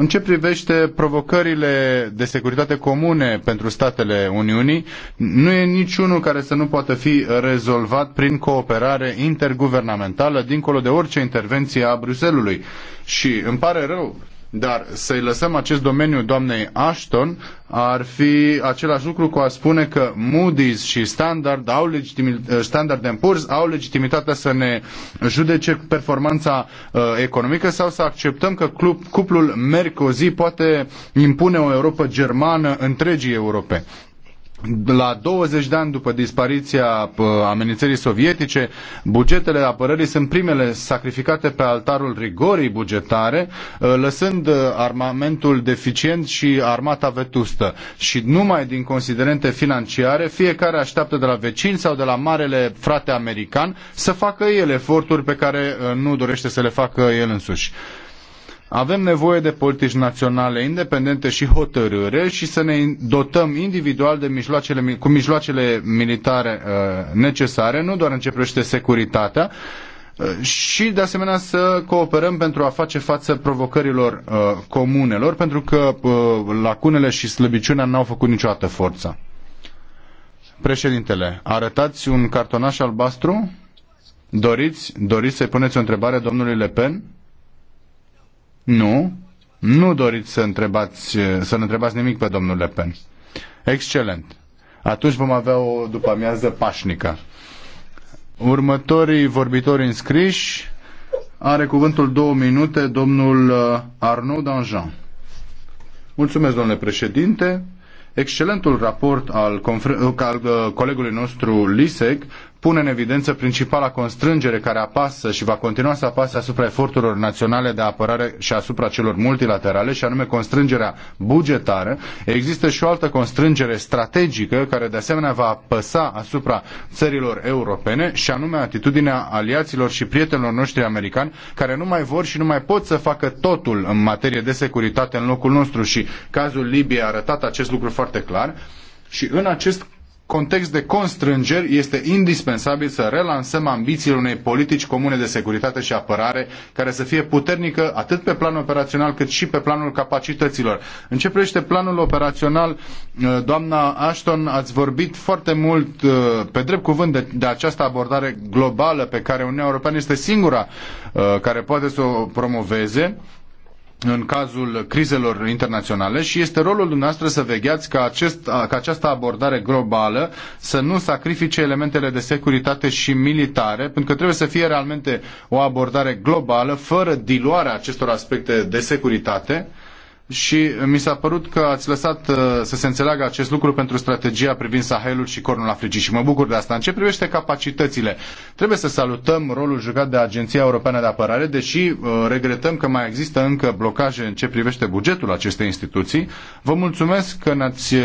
În ce privește provocările de securitate comune pentru statele Uniunii, nu e niciunul care să nu poată fi rezolvat prin cooperare interguvernamentală, dincolo de orice intervenție a Bruselului. Și îmi pare rău dar să-i lăsăm acest domeniu doamnei Ashton ar fi același lucru cu a spune că Moody's și Standard, au legitimi, Standard Poor's au legitimitatea să ne judece performanța uh, economică sau să acceptăm că club, cuplul Mercosi poate impune o Europa germană întregii Europe la 20 de ani după dispariția uh, amenințării sovietice, bugetele apărării sunt primele sacrificate pe altarul rigorii bugetare, uh, lăsând uh, armamentul deficient și armata vetustă. Și numai din considerente financiare, fiecare așteaptă de la vecini sau de la marele frate american să facă el eforturi pe care nu dorește să le facă el însuși. Avem nevoie de politici naționale independente și hotărâre și să ne dotăm individual de mijloacele, cu mijloacele militare uh, necesare, nu doar în ce privește securitatea, uh, și de asemenea să cooperăm pentru a face față provocărilor uh, comunelor, pentru că uh, lacunele și slăbiciunea n-au făcut niciodată forța. Președintele, arătați un cartonaș albastru? Doriți, doriți să-i puneți o întrebare domnului Le Pen? Nu, nu doriți să întrebați, să nu întrebați nimic pe domnul Le Pen. Excelent. Atunci vom avea o după amiază pașnică. Următorii vorbitori înscriși are cuvântul două minute domnul uh, Arnaud Danjean. Mulțumesc, domnule președinte. Excelentul raport al, uh, al uh, colegului nostru Lisec pune în evidență principala constrângere care apasă și va continua să apasă asupra eforturilor naționale de apărare și asupra celor multilaterale, și anume constrângerea bugetară. Există și o altă constrângere strategică care de asemenea va apăsa asupra țărilor europene, și anume atitudinea aliaților și prietenilor noștri americani, care nu mai vor și nu mai pot să facă totul în materie de securitate în locul nostru și cazul Libiei a arătat acest lucru foarte clar. Și în acest context de constrângeri este indispensabil să relansăm ambițiile unei politici comune de securitate și apărare care să fie puternică atât pe plan operațional cât și pe planul capacităților. În ce privește planul operațional, uh, doamna Ashton, ați vorbit foarte mult uh, pe drept cuvânt de, de această abordare globală pe care Uniunea Europeană este singura uh, care poate să o promoveze în cazul crizelor internaționale și este rolul dumneavoastră să vegheați ca, acest, ca această abordare globală să nu sacrifice elementele de securitate și militare, pentru că trebuie să fie realmente o abordare globală, fără diluarea acestor aspecte de securitate și mi s-a părut că ați lăsat uh, să se înțeleagă acest lucru pentru strategia privind Sahelul și Cornul Africii și mă bucur de asta. În ce privește capacitățile, trebuie să salutăm rolul jucat de Agenția Europeană de Apărare, deși uh, regretăm că mai există încă blocaje în ce privește bugetul acestei instituții. Vă mulțumesc că ne-ați uh,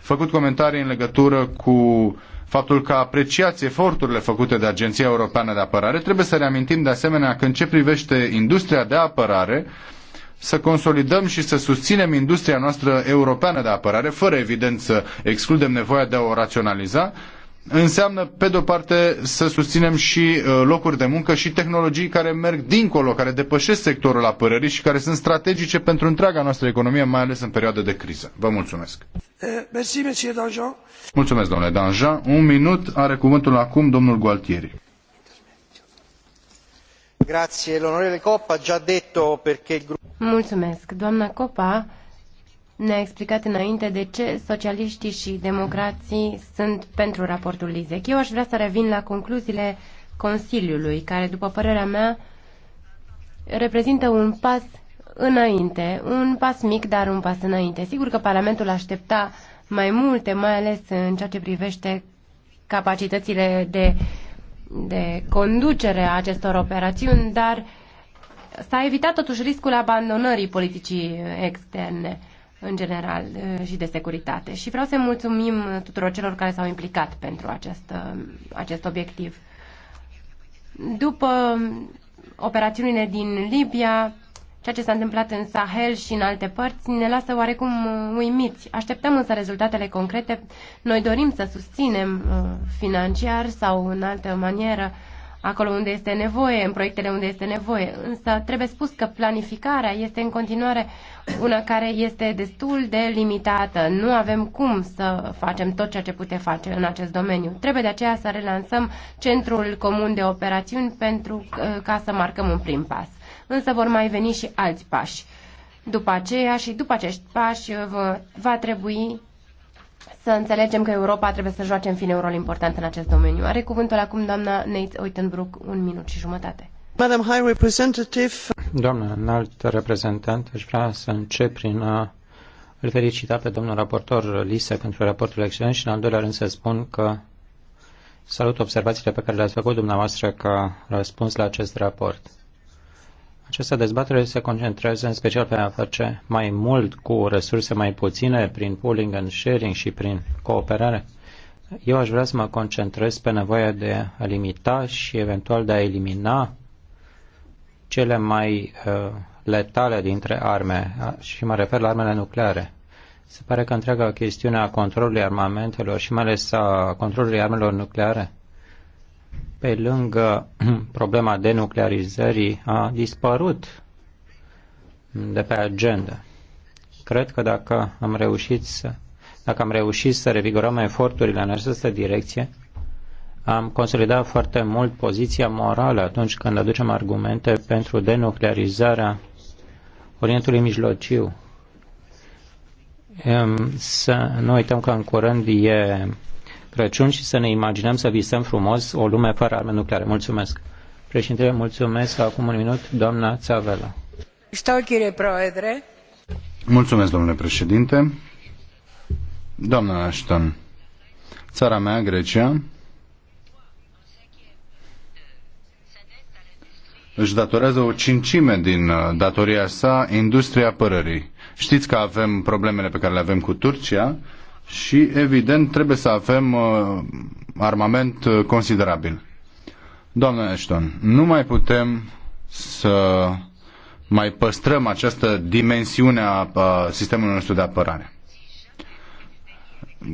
făcut comentarii în legătură cu faptul că apreciați eforturile făcute de Agenția Europeană de Apărare. Trebuie să reamintim de asemenea că în ce privește industria de apărare, să consolidăm și să susținem industria noastră europeană de apărare, fără evident să excludem nevoia de a o raționaliza, înseamnă, pe de-o parte, să susținem și uh, locuri de muncă și tehnologii care merg dincolo, care depășesc sectorul apărării și care sunt strategice pentru întreaga noastră economie, mai ales în perioada de criză. Vă mulțumesc. Eh, mulțumesc, domnule Danjean. Un minut are cuvântul acum domnul Gualtieri. Mulțumesc. Doamna koppa ne-a explicat înainte de ce socialiștii și democrații sunt pentru raportul Lisek. Eu aș vrea să revin la concluziile Consiliului, care, după părerea mea, reprezintă un pas înainte, un pas mic, dar un pas înainte. Sigur că Parlamentul aștepta mai multe, mai ales în ceea ce privește capacitățile de uh, de conducere a acestor operațiuni, dar s-a evitat totuși riscul abandonării politicii externe în general și de securitate. Și vreau să mulțumim tuturor celor care s-au implicat pentru acest, acest obiectiv. După operațiunile din Libia, Ceea ce s-a întâmplat în Sahel și în alte părți ne lasă oarecum uh, uimiți. Așteptăm însă rezultatele concrete. Noi dorim să susținem uh, financiar sau în altă manieră acolo unde este nevoie, în proiectele unde este nevoie. Însă trebuie spus că planificarea este în continuare una care este destul de limitată. Nu avem cum să facem tot ceea ce putem face în acest domeniu. Trebuie de aceea să relansăm Centrul Comun de Operațiuni pentru uh, ca să marcăm un prim pas însă vor mai veni și alți pași. După aceea și după acești pași uh, va trebui să înțelegem că Europa trebuie să joace în fine un rol important în acest domeniu. Are cuvântul acum doamna Nate Oitenbrook, un minut și jumătate. Madam High Representative. Doamna înalt reprezentant, aș vrea să încep prin a îl felicita pe domnul raportor Lise pentru raportul excelent și în al doilea rând să spun că salut observațiile pe care le-ați făcut dumneavoastră ca răspuns la acest raport. Această dezbatere se concentrează în special pe a face mai mult cu resurse mai puține prin pooling and sharing și prin cooperare. Eu aș vrea să mă concentrez pe nevoia de a limita și eventual de a elimina cele mai uh, letale dintre arme și mă refer la armele nucleare. Se pare că întreaga chestiune a controlului armamentelor și mai ales a controlului armelor nucleare pe lângă problema denuclearizării, a dispărut de pe agenda. Cred că dacă am reușit să, dacă am reușit să revigorăm eforturile în această direcție, am consolidat foarte mult poziția morală atunci când aducem argumente pentru denuclearizarea Orientului Mijlociu. Ehm, să nu uităm că în curând e Crăciun și să ne imaginăm să visăm frumos o lume fără arme nucleare. Mulțumesc. președinte. mulțumesc. Acum un minut, doamna Țavela. Mulțumesc, domnule președinte. Doamna Ashton, țara mea, Grecia, își datorează o cincime din uh, datoria sa industria apărării. Știți că avem problemele pe care le avem cu Turcia, și, evident, trebuie să avem uh, armament uh, considerabil. Doamne Ashton, nu mai putem să mai păstrăm această dimensiune a, a sistemului nostru de apărare.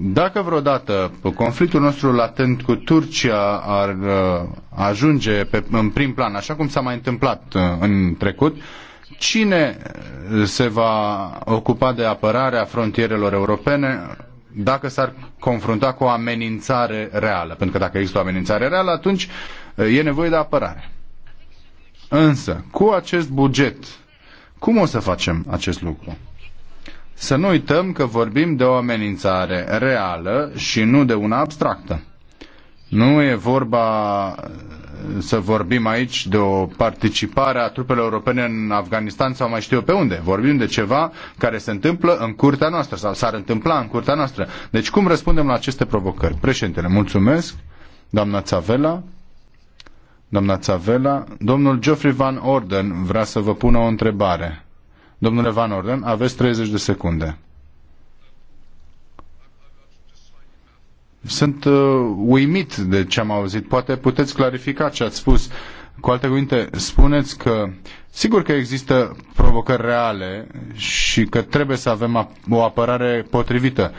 Dacă vreodată conflictul nostru latent cu Turcia ar uh, ajunge pe, în prim plan, așa cum s-a mai întâmplat uh, în trecut, cine se va ocupa de apărarea frontierelor europene dacă s-ar confrunta cu o amenințare reală. Pentru că dacă există o amenințare reală, atunci e nevoie de apărare. Însă, cu acest buget, cum o să facem acest lucru? Să nu uităm că vorbim de o amenințare reală și nu de una abstractă. Nu e vorba uh, să vorbim aici de o participare a trupelor europene în Afganistan sau mai știu eu pe unde. Vorbim de ceva care se întâmplă în curtea noastră sau s-ar întâmpla în curtea noastră. Deci cum răspundem la aceste provocări? Președintele, mulțumesc. Doamna Țavela. Doamna Țavela. Domnul Geoffrey Van Orden vrea să vă pună o întrebare. Domnule Van Orden, aveți 30 de secunde. Sunt uh, uimit de ce am auzit. Poate puteți clarifica ce ați spus. Cu alte cuvinte, spuneți că sigur că există provocări reale și că trebuie să avem o apărare potrivită,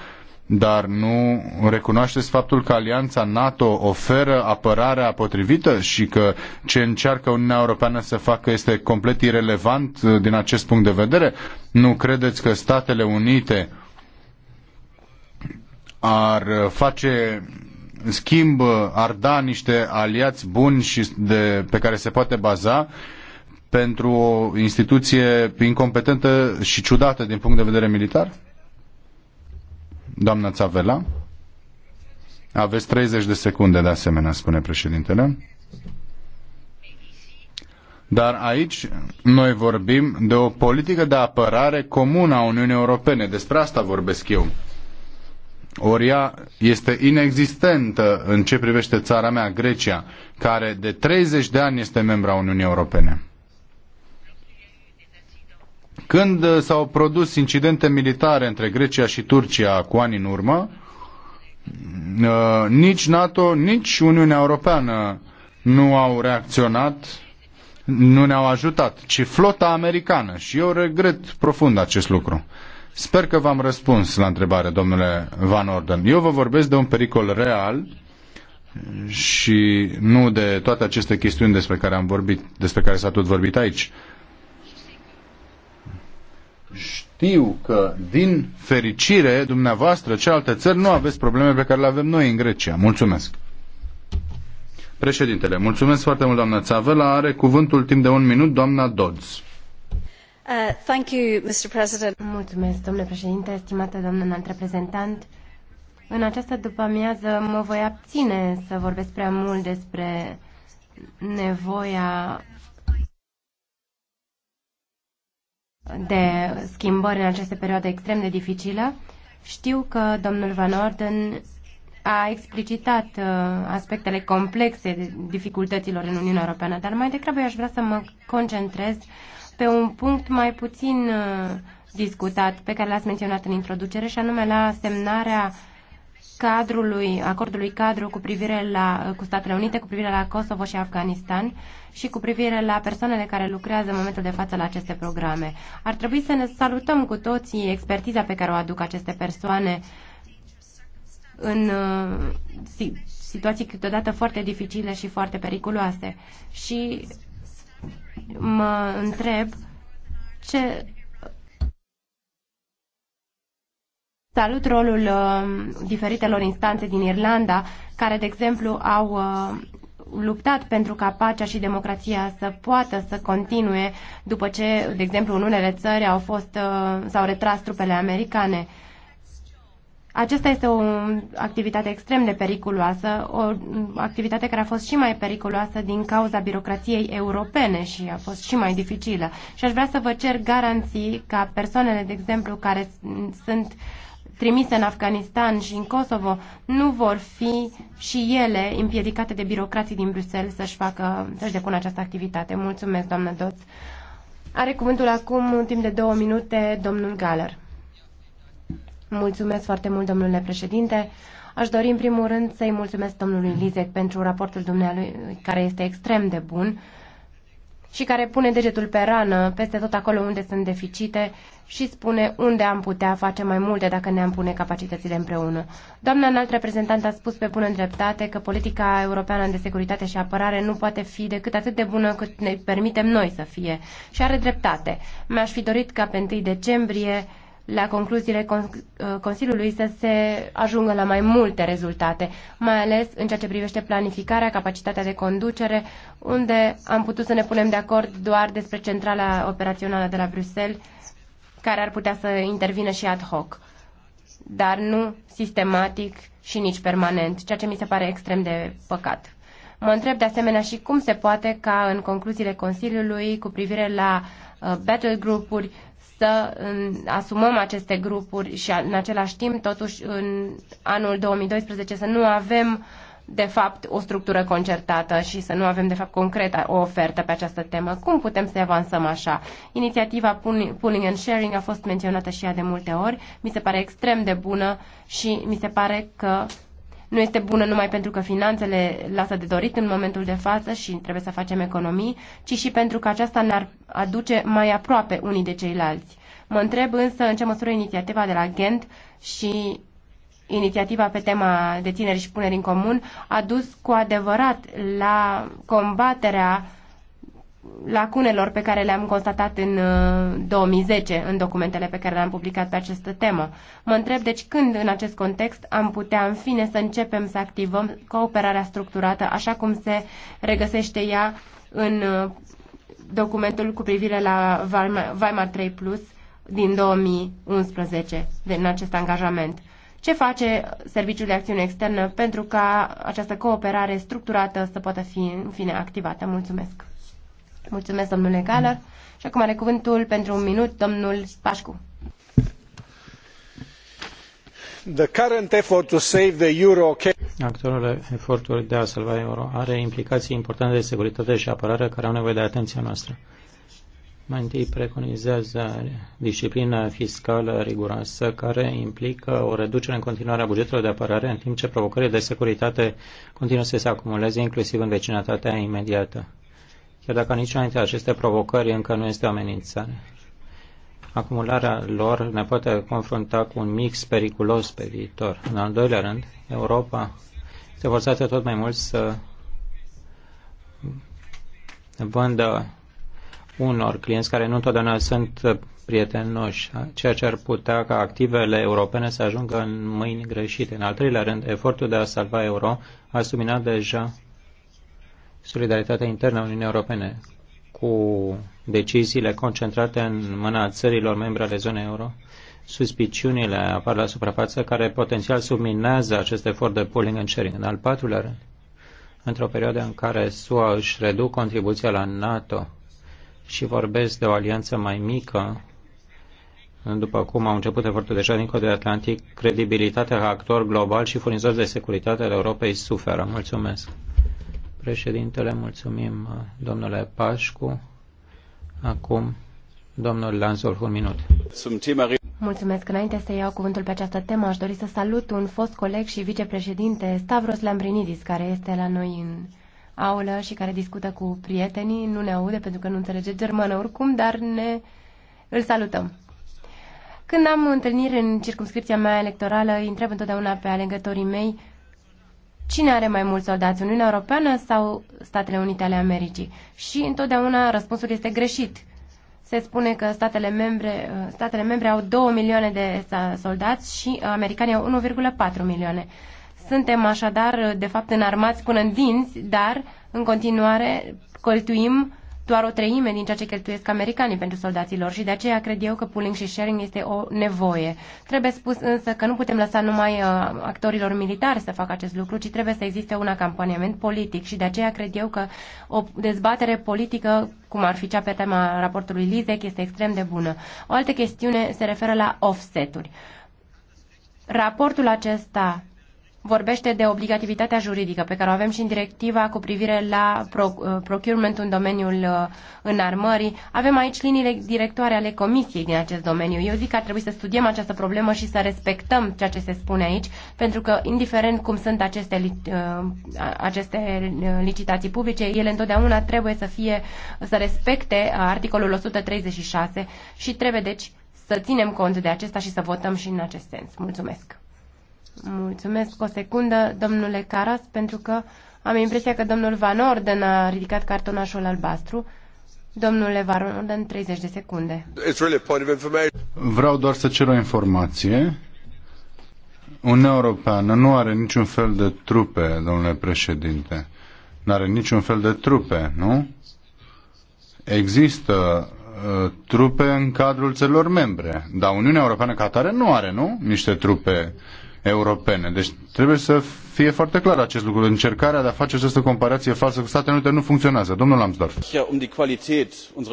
dar nu recunoașteți faptul că alianța NATO oferă apărarea potrivită și că ce încearcă Uniunea Europeană să facă este complet irelevant uh, din acest punct de vedere? Nu credeți că Statele Unite uh, ar uh, face în schimb, uh, ar da niște aliați buni și de, pe care se poate baza pentru o instituție incompetentă și ciudată din punct de vedere militar? Doamna Țavela? Aveți 30 de secunde de asemenea, spune președintele. Dar aici noi vorbim de o politică de apărare comună a Uniunii Europene. Despre asta vorbesc eu. Ori ea este inexistentă în ce privește țara mea, Grecia, care de 30 de ani este membra Uniunii Europene. Când uh, s-au produs incidente militare între Grecia și Turcia cu ani în urmă, uh, nici NATO, nici Uniunea Europeană nu au reacționat, nu ne-au ajutat, ci flota americană. Și eu regret profund acest lucru. Sper că v-am răspuns la întrebare, domnule Van Orden. Eu vă vorbesc de un pericol real și nu de toate aceste chestiuni despre care am vorbit, despre care s-a tot vorbit aici. Știu că, din fericire, dumneavoastră, cealaltă țări, nu aveți probleme pe care le avem noi în Grecia. Mulțumesc. Președintele, mulțumesc foarte mult, doamna Țavela. Are cuvântul timp de un minut, doamna Dodds. Uh, Mulțumesc, domnule președinte, stimată doamnă înalt reprezentant. În această după-amiază mă voi abține să vorbesc prea mult despre nevoia de schimbări în această perioadă extrem de dificilă. Știu că domnul Van Orden a explicitat uh, aspectele complexe dificultăților în Uniunea Europeană, dar mai degrabă aș vrea să mă concentrez pe un punct mai puțin uh, discutat, pe care l-ați menționat în introducere, și anume la semnarea cadrului, acordului cadru cu privire la, uh, cu Statele Unite, cu privire la Kosovo și Afganistan și cu privire la persoanele care lucrează în momentul de față la aceste programe. Ar trebui să ne salutăm cu toții expertiza pe care o aduc aceste persoane în uh, situații câteodată foarte dificile și foarte periculoase. Și mă întreb ce salut rolul uh, diferitelor instanțe din Irlanda, care, de exemplu, au uh, luptat pentru ca pacea și democrația să poată să continue după ce, de exemplu, în unele țări au fost, uh, s-au retras trupele americane. Uh, aceasta este o activitate extrem de periculoasă, o activitate care a fost și mai periculoasă din cauza birocrației europene și a fost și mai dificilă. Și aș vrea să vă cer garanții ca persoanele, de exemplu, care sunt trimise în Afganistan și în Kosovo, nu vor fi și ele împiedicate de birocrații din Bruxelles să-și facă, să-și depună această activitate. Mulțumesc, doamnă Doț. Are cuvântul acum, în timp de două minute, domnul Galler. Mulțumesc foarte mult, domnule președinte. Aș dori, în primul rând, să-i mulțumesc domnului Lizec pentru raportul dumnealui, care este extrem de bun și care pune degetul pe rană peste tot acolo unde sunt deficite și spune unde am putea face mai multe dacă ne-am pune capacitățile împreună. Doamna înalt reprezentant a spus pe bună dreptate că politica europeană de securitate și apărare nu poate fi decât atât de bună cât ne permitem noi să fie și are dreptate. Mi-aș fi dorit ca pe 1 decembrie la concluziile uh, Consiliului să se ajungă la mai multe rezultate, mai ales în ceea ce privește planificarea, capacitatea de conducere, unde am putut să ne punem de acord doar despre centrala operațională de la Bruxelles, care ar putea să intervină și ad hoc, dar nu sistematic și nici permanent, ceea ce mi se pare extrem de păcat. Mă întreb de asemenea și cum se poate ca în concluziile Consiliului cu privire la uh, battle group-uri uh, să asumăm aceste grupuri și în același timp, totuși, în anul 2012 să nu avem de fapt o structură concertată și să nu avem de fapt concret o ofertă pe această temă. Cum putem să avansăm așa? Inițiativa Pooling and Sharing a fost menționată și ea de multe ori. Mi se pare extrem de bună și mi se pare că nu este bună numai pentru că finanțele lasă de dorit în momentul de față și trebuie să facem economii, ci și pentru că aceasta ne-ar aduce mai aproape unii de ceilalți. Mă întreb însă în ce măsură inițiativa de la Ghent și inițiativa pe tema tineri și puneri în comun a dus cu adevărat la combaterea lacunelor pe care le-am constatat în 2010 uh, în documentele pe care le-am publicat pe această temă. Mă întreb deci când în acest context am putea în fine să începem să activăm cooperarea structurată așa cum se regăsește ea în uh, documentul cu privire la Weimar 3 Plus din 2011 din acest angajament. Ce face Serviciul de Acțiune Externă pentru ca această cooperare structurată să poată fi în fine activată? Mulțumesc! Mulțumesc, domnule Galer. Și acum are cuvântul pentru un minut domnul Pașcu. The current effort to save the euro... Actualele eforturi de a salva euro are implicații importante de securitate și apărare care au nevoie de atenția noastră. Mai întâi preconizează disciplina fiscală riguroasă care implică o reducere în continuare a bugetelor de apărare în timp ce provocările de securitate continuă să se acumuleze inclusiv în vecinătatea imediată Chiar dacă niciuna dintre aceste provocări încă nu este o amenințare. Acumularea lor ne poate confrunta cu un mix periculos pe viitor. În al doilea rând, Europa se forțată tot mai mult să vândă unor clienți care nu întotdeauna sunt prietenoși, ceea ce ar putea ca activele europene să ajungă în mâini greșite. În al treilea rând, efortul de a salva euro a subminat deja solidaritatea internă a Uniunii Europene cu deciziile concentrate în mâna țărilor membre ale zonei euro, suspiciunile apar la suprafață care potențial subminează acest efort de pooling and sharing. În al patrulea rând, într-o perioadă în care SUA își reduc contribuția la NATO și vorbesc de o alianță mai mică, după cum au început efortul deja din de Atlantic, credibilitatea ca actor global și furnizor de securitate al Europei suferă. Mulțumesc! Președintele, mulțumim, uh, domnule Pașcu. Acum, domnul Lanzor, un minut. Mulțumesc. Înainte să iau cuvântul pe această temă, aș dori să salut un fost coleg și vicepreședinte, Stavros Lambrinidis, care este la noi în aulă și care discută cu prietenii. Nu ne aude pentru că nu înțelege germană oricum, dar ne îl salutăm. Când am întâlniri în circumscripția mea electorală, îi întreb întotdeauna pe alegătorii mei Cine are mai mulți soldați, Uniunea Europeană sau Statele Unite ale Americii? Și întotdeauna răspunsul este greșit. Se spune că statele membre, statele membre au 2 milioane de soldați și americanii au 1,4 milioane. Suntem așadar, de fapt, înarmați până în dinți, dar, în continuare, uh, doar o treime din ceea ce cheltuiesc americanii pentru soldaților și de aceea cred eu că pooling și sharing este o nevoie. Trebuie spus însă că nu putem lăsa numai uh, actorilor militari să facă acest lucru, ci trebuie să existe un acampaniament politic și de aceea cred eu că o dezbatere politică, cum ar fi cea pe tema raportului Lizec, este extrem de bună. O altă chestiune se referă la offset-uri. Raportul acesta vorbește de obligativitatea juridică pe care o avem și în directiva cu privire la uh, procurement în domeniul uh, înarmării. Avem aici liniile directoare ale comisiei din acest domeniu. Eu zic că ar trebui să studiem această problemă și să respectăm ceea ce se spune aici, pentru că, indiferent cum sunt aceste, uh, aceste licitații publice, ele întotdeauna trebuie să fie să respecte articolul 136 și trebuie, deci, să ținem cont de acesta și să votăm și în acest sens. Mulțumesc! Mulțumesc o secundă, domnule Caras, pentru că am impresia că domnul Van Orden a ridicat cartonașul albastru. Domnule Van Orden, 30 de secunde. Really Vreau doar să cer o informație. Uniunea Europeană nu are niciun fel de trupe, domnule președinte. Nu are niciun fel de trupe, nu? Există uh, trupe în cadrul țărilor membre, dar Uniunea Europeană ca tare nu are, nu? Niște trupe uh, europene. Deci trebuie să fie foarte clar acest lucru. Încercarea de a face această comparație falsă cu Statele Unite nu funcționează. Domnul Lambsdorff. Um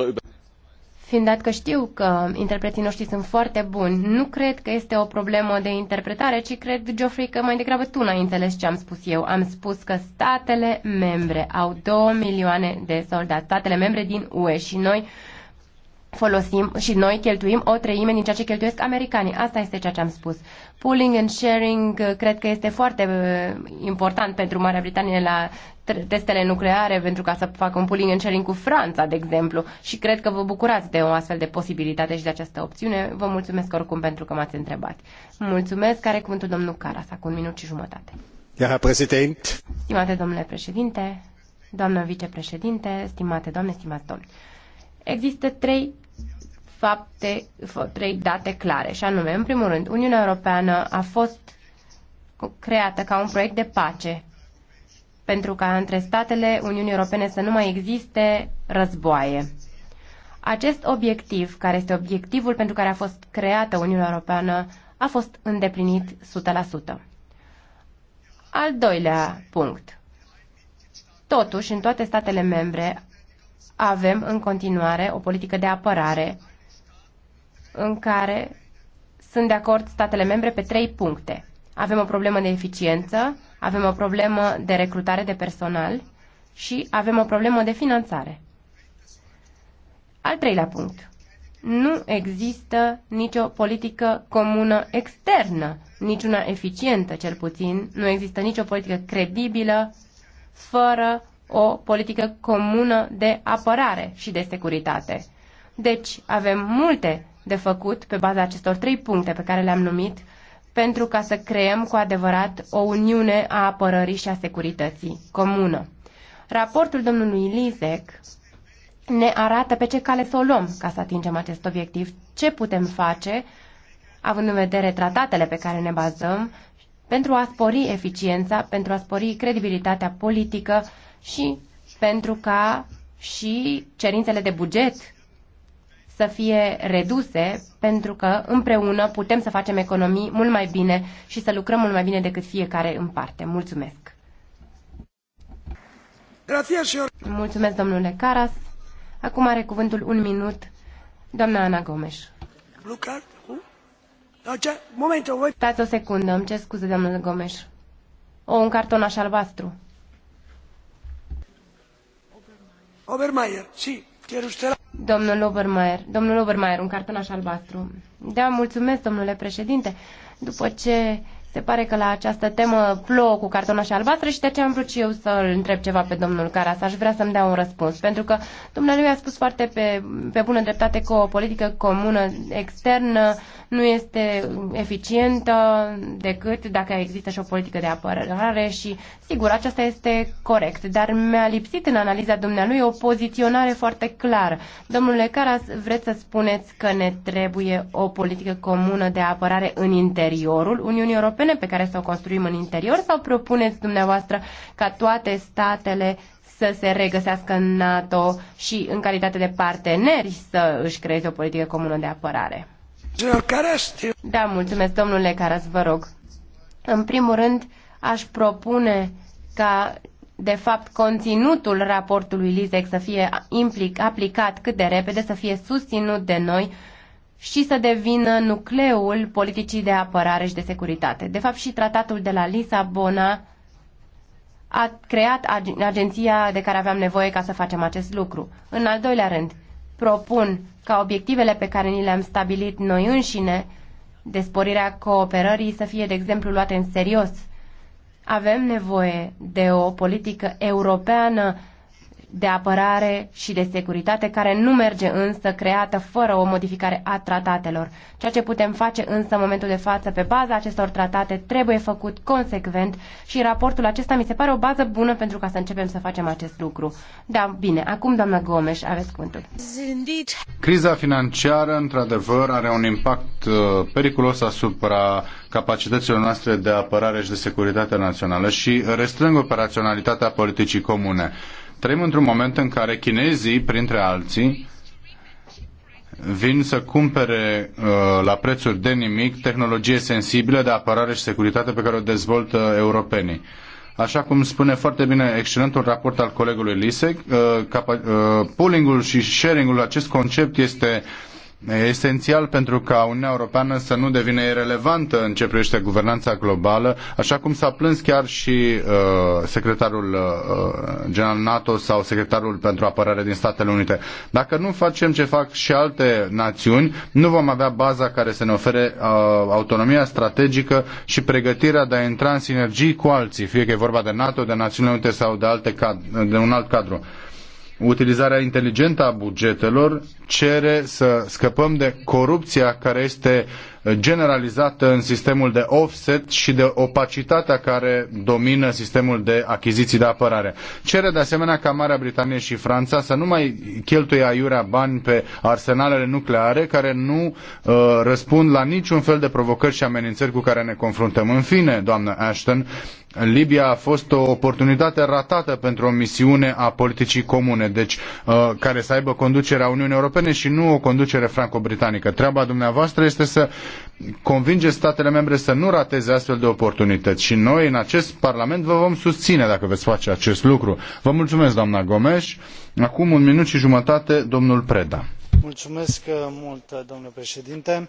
Fiind dat că știu că interpreții noștri sunt foarte buni, nu cred că este o problemă de interpretare, ci cred, Geoffrey, că mai degrabă tu n-ai înțeles ce am spus eu. Am spus că statele membre au 2 milioane de soldați, statele membre din UE și noi folosim și noi cheltuim o treime din ceea ce cheltuiesc americanii. Asta este ceea ce am spus. Pooling and sharing uh, cred că este foarte uh, important pentru Marea Britanie la testele nucleare pentru ca să facă un pooling and sharing cu Franța, de exemplu. Și cred că vă bucurați de o astfel de posibilitate și de această opțiune. Vă mulțumesc oricum pentru că m-ați întrebat. Mulțumesc. Care cuvântul domnul Caras, acum un minut și jumătate. Herr Präsident. Stimate domnule președinte, doamnă vicepreședinte, stimate doamne, stimați domni. Există trei fapte, trei date clare, și anume, în primul rând, Uniunea Europeană a fost creată ca un proiect de pace pentru ca între statele Uniunii Europene să nu mai existe războaie. Acest obiectiv, care este obiectivul pentru care a fost creată Uniunea Europeană, a fost îndeplinit 100%. Al doilea punct. Totuși, în toate statele membre avem în continuare o politică de apărare în care sunt de acord statele membre pe trei puncte. Avem o problemă de eficiență, avem o problemă de recrutare de personal și avem o problemă de finanțare. Al treilea punct. Nu există nicio politică comună externă, niciuna eficientă cel puțin, nu există nicio politică credibilă fără o politică comună de apărare și de securitate. Deci avem multe de făcut pe baza acestor trei puncte pe care le-am numit pentru ca să creăm cu adevărat o uniune a apărării și a securității comună. Raportul domnului Lizek ne arată pe ce cale să o luăm ca să atingem acest obiectiv, ce putem face, având în vedere tratatele pe care ne bazăm, pentru a spori eficiența, pentru a spori credibilitatea politică și pentru ca și cerințele de buget să fie reduse, pentru că împreună putem să facem economii mult mai bine și să lucrăm mult mai bine decât fiecare în parte. Mulțumesc! Mulțumesc, domnule Caras. Acum are cuvântul un minut doamna Ana Gomes. Da, Stați o secundă, îmi cer scuze, doamnă Gomes. O, un așa albastru. Obermeier, si, chiar usted Domnul Obermeier, domnul Obermeier, un cartonaș albastru. Da, mulțumesc, domnule președinte. După ce se pare că la această temă plouă cu și albastră și de ce am vrut și eu să îl întreb ceva pe domnul Caras. Aș vrea să-mi dea un răspuns, pentru că dumnealui a spus foarte pe, pe bună dreptate că o politică comună externă nu este eficientă decât dacă există și o politică de apărare și, sigur, aceasta este corect, dar mi-a lipsit în analiza dumnealui o poziționare foarte clară. Domnule Caras, vreți să spuneți că ne trebuie o politică comună de apărare în interiorul Uniunii Europene? Uniune pe care să o construim în interior sau propuneți dumneavoastră ca toate statele să se regăsească în NATO și în calitate de parteneri să își creeze o politică comună de apărare? Da, mulțumesc, domnule Caras, vă rog. În primul rând, aș propune ca de fapt, conținutul raportului LISEC să fie implic, aplicat cât de repede, să fie susținut de noi și să devină nucleul politicii de apărare și de securitate. De fapt, și tratatul de la Lisabona a creat agenția de care aveam nevoie ca să facem acest lucru. În al doilea rând, propun ca obiectivele pe care ni le-am stabilit noi înșine de sporirea cooperării să fie, de exemplu, luate în serios. Avem nevoie de o politică europeană de apărare și de securitate, care nu merge însă creată fără o modificare a tratatelor. Ceea ce putem face însă în momentul de față pe baza acestor tratate trebuie făcut consecvent și raportul acesta mi se pare o bază bună pentru ca să începem să facem acest lucru. Da, bine, acum doamna Gomes, aveți cuvântul. Criza financiară, într-adevăr, are un impact uh, periculos asupra capacităților noastre de apărare și de securitate națională și restrâng operaționalitatea politicii comune. Trăim într-un moment în care chinezii, printre alții, vin să cumpere uh, la prețuri de nimic tehnologie sensibilă de apărare și securitate pe care o dezvoltă europenii. Așa cum spune foarte bine excelentul raport al colegului Lisek, uh, uh, pooling-ul și sharing-ul, acest concept este uh, esențial pentru ca Uniunea Europeană să nu devină irelevantă în ce privește guvernanța globală, așa cum s-a plâns chiar și uh, secretarul uh, general NATO sau secretarul pentru apărare din Statele Unite. Dacă nu facem ce fac și alte națiuni, nu vom avea baza care să ne ofere uh, autonomia strategică și pregătirea de a intra în sinergii cu alții, fie că e vorba de NATO, de Națiunile Unite sau de, alte cad- de un alt cadru utilizarea inteligentă a bugetelor cere să scăpăm de corupția care este generalizată în sistemul de offset și de opacitatea care domină sistemul de achiziții de apărare. Cere de asemenea ca Marea Britanie și Franța să nu mai cheltuie aiurea bani pe arsenalele nucleare care nu uh, răspund la niciun fel de provocări și amenințări cu care ne confruntăm. În fine, doamnă Ashton, Libia a fost o oportunitate ratată pentru o misiune a politicii comune, deci uh, care să aibă conducerea Uniunii Europene și nu o conducere franco-britanică. Treaba dumneavoastră este să convinge statele membre să nu rateze astfel de oportunități și noi în acest Parlament vă vom susține dacă veți face acest lucru. Vă mulțumesc, doamna Gomes. Acum un minut și jumătate, domnul Preda. Mulțumesc mult, domnule președinte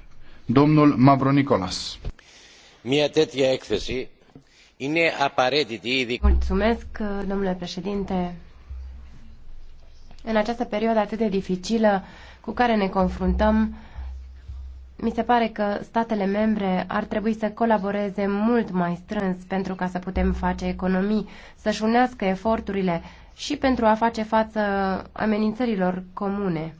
Domnul Mavronicolas. Mulțumesc, domnule președinte. În această perioadă atât de dificilă cu care ne confruntăm, mi se pare că statele membre ar trebui să colaboreze mult mai strâns pentru ca să putem face economii, să-și unească eforturile și pentru a face față amenințărilor comune.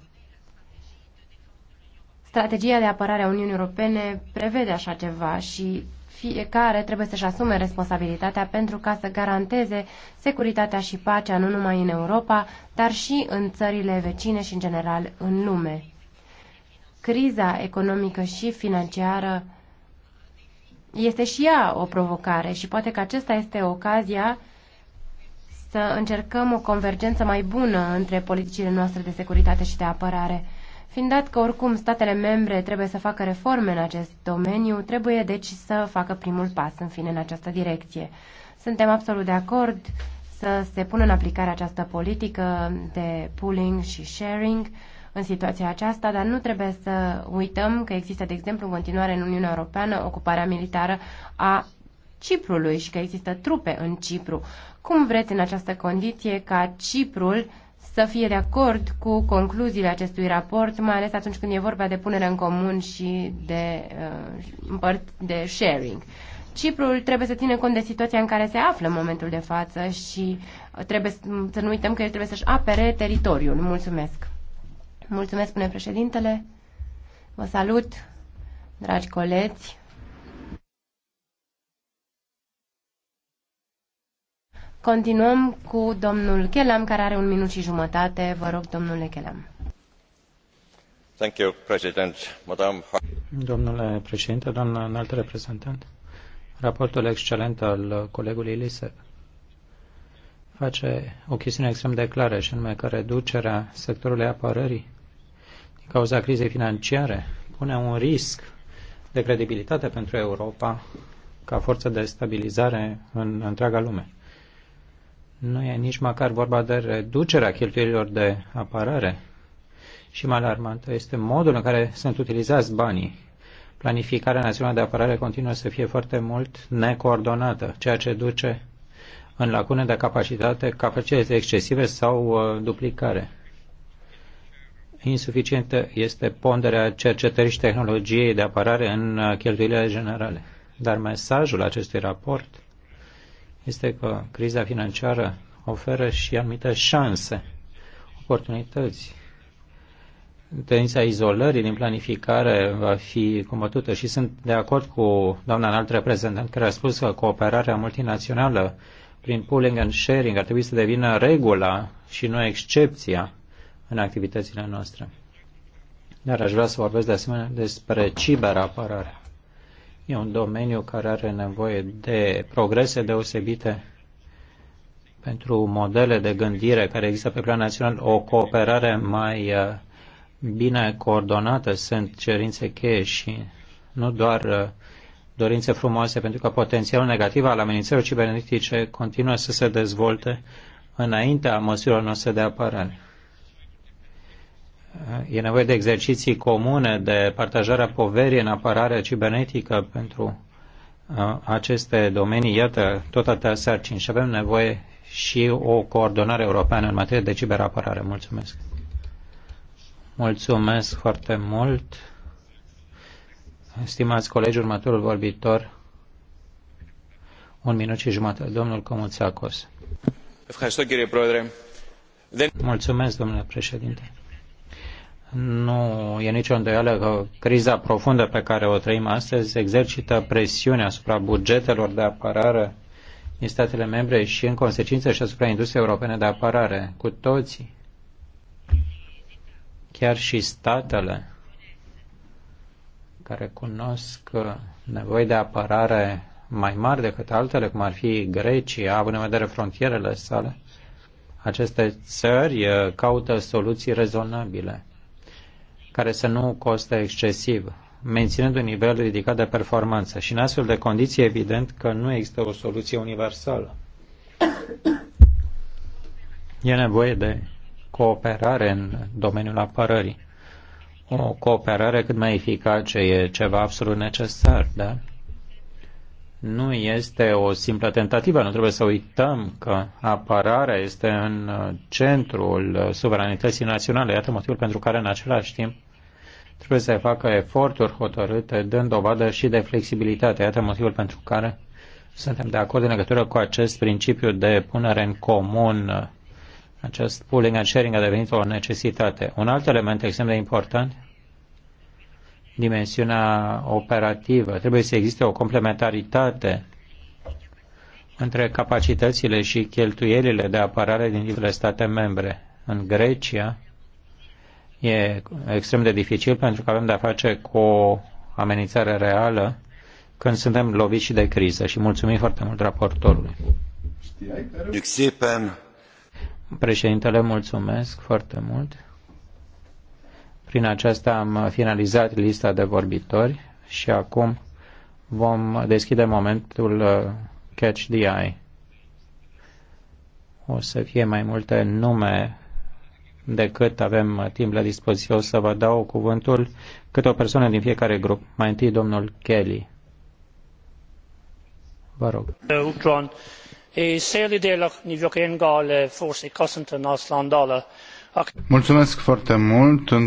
Strategia de apărare a Uniunii Europene prevede așa ceva și fiecare trebuie să-și asume responsabilitatea pentru ca să garanteze securitatea și pacea nu numai în Europa, dar și în țările vecine și în general în lume. Criza economică și financiară este și ea o provocare și poate că acesta este ocazia să încercăm o convergență mai bună între politicile noastre de securitate și de apărare. Fiind dat că oricum statele membre trebuie să facă reforme în acest domeniu, trebuie deci să facă primul pas în fine în această direcție. Suntem absolut de acord să se pună în aplicare această politică de pooling și sharing în situația aceasta, dar nu trebuie să uităm că există, de exemplu, în continuare în Uniunea Europeană ocuparea militară a Ciprului și că există trupe în Cipru. Cum vreți în această condiție ca Ciprul să fie de acord cu concluziile acestui raport, mai ales atunci când e vorba de punere în comun și de, uh, de sharing. Ciprul trebuie să țină cont de situația în care se află în momentul de față și trebuie să nu uităm că el trebuie să-și apere teritoriul. Mulțumesc! Mulțumesc, spune președintele! Vă salut, dragi colegi! Continuăm cu domnul Chelam, care are un minut și jumătate. Vă rog, domnule Chelam. Thank you, President. Madame... Domnule președinte, doamnă înaltă reprezentant, raportul excelent al colegului Lise face o chestiune extrem de clară, și anume că reducerea sectorului apărării din cauza crizei financiare pune un risc de credibilitate pentru Europa ca forță de stabilizare în întreaga lume. Nu e nici măcar vorba de reducerea cheltuielilor de apărare. Și mai alarmant este modul în care sunt utilizați banii. Planificarea națională de apărare continuă să fie foarte mult necoordonată, ceea ce duce în lacune de capacitate, capacități excesive sau uh, duplicare insuficientă este ponderea cercetării și tehnologiei de apărare în uh, cheltuielile generale. Dar mesajul acestui raport este că criza financiară oferă și anumite șanse, oportunități. Tendința izolării din planificare va fi combătută și sunt de acord cu doamna înalt reprezentant care a spus că cooperarea multinațională prin pooling and sharing ar trebui să devină regula și nu excepția în activitățile noastre. Dar aș vrea să vorbesc de asemenea despre ciberapărare. E un domeniu care are nevoie de progrese deosebite pentru modele de gândire care există pe plan național, o cooperare mai uh, bine coordonată sunt cerințe cheie și nu doar uh, dorințe frumoase, pentru că potențialul negativ al amenințărilor cibernetice continuă să se dezvolte înaintea măsurilor noastre de apărare e nevoie de exerciții comune, de partajarea poverii în apărarea cibernetică pentru aceste domenii. Iată, tot atâtea sarcini și avem nevoie și o coordonare europeană în materie de ciberapărare. Mulțumesc! Mulțumesc foarte mult! Stimați colegi, următorul vorbitor, un minut și jumătate, domnul Comuțacos. Mulțumesc, domnule președinte nu e nicio îndoială că criza profundă pe care o trăim astăzi exercită presiune asupra bugetelor de apărare din statele membre și, în consecință, și asupra industriei europene de apărare. Cu toții, chiar și statele care cunosc nevoi de apărare mai mari decât altele, cum ar fi Grecia, având în vedere frontierele sale, aceste țări eh, caută soluții rezonabile care să nu costă excesiv, menținând un nivel ridicat de performanță. Și în astfel de condiții, evident că nu există o soluție universală. E nevoie de cooperare în domeniul apărării. O cooperare cât mai eficace e ceva absolut necesar, da? nu este o simplă tentativă. Nu trebuie să uităm că apărarea este în centrul suveranității naționale. Iată motivul pentru care, în același timp, trebuie să facă eforturi hotărâte, dând dovadă și de flexibilitate. Iată motivul pentru care suntem de acord în legătură cu acest principiu de punere în comun. Acest pooling and sharing a devenit o necesitate. Un alt element extrem de important dimensiunea operativă. Trebuie să existe o complementaritate între capacitățile și cheltuielile de apărare din diferite state membre. În Grecia e extrem de dificil pentru că avem de-a face cu o amenințare reală când suntem loviți de criză și mulțumim foarte mult raportorului. Președintele, mulțumesc foarte mult. Prin aceasta am finalizat lista de vorbitori și acum vom deschide momentul uh, Catch the Eye. O să fie mai multe nume decât avem uh, timp la dispoziție. O să vă dau cuvântul câte o persoană din fiecare grup. Mai întâi domnul Kelly. Vă rog. Sailor de la Nivocain Gal, Forse în Naslandala, Mulțumesc foarte mult. Uh,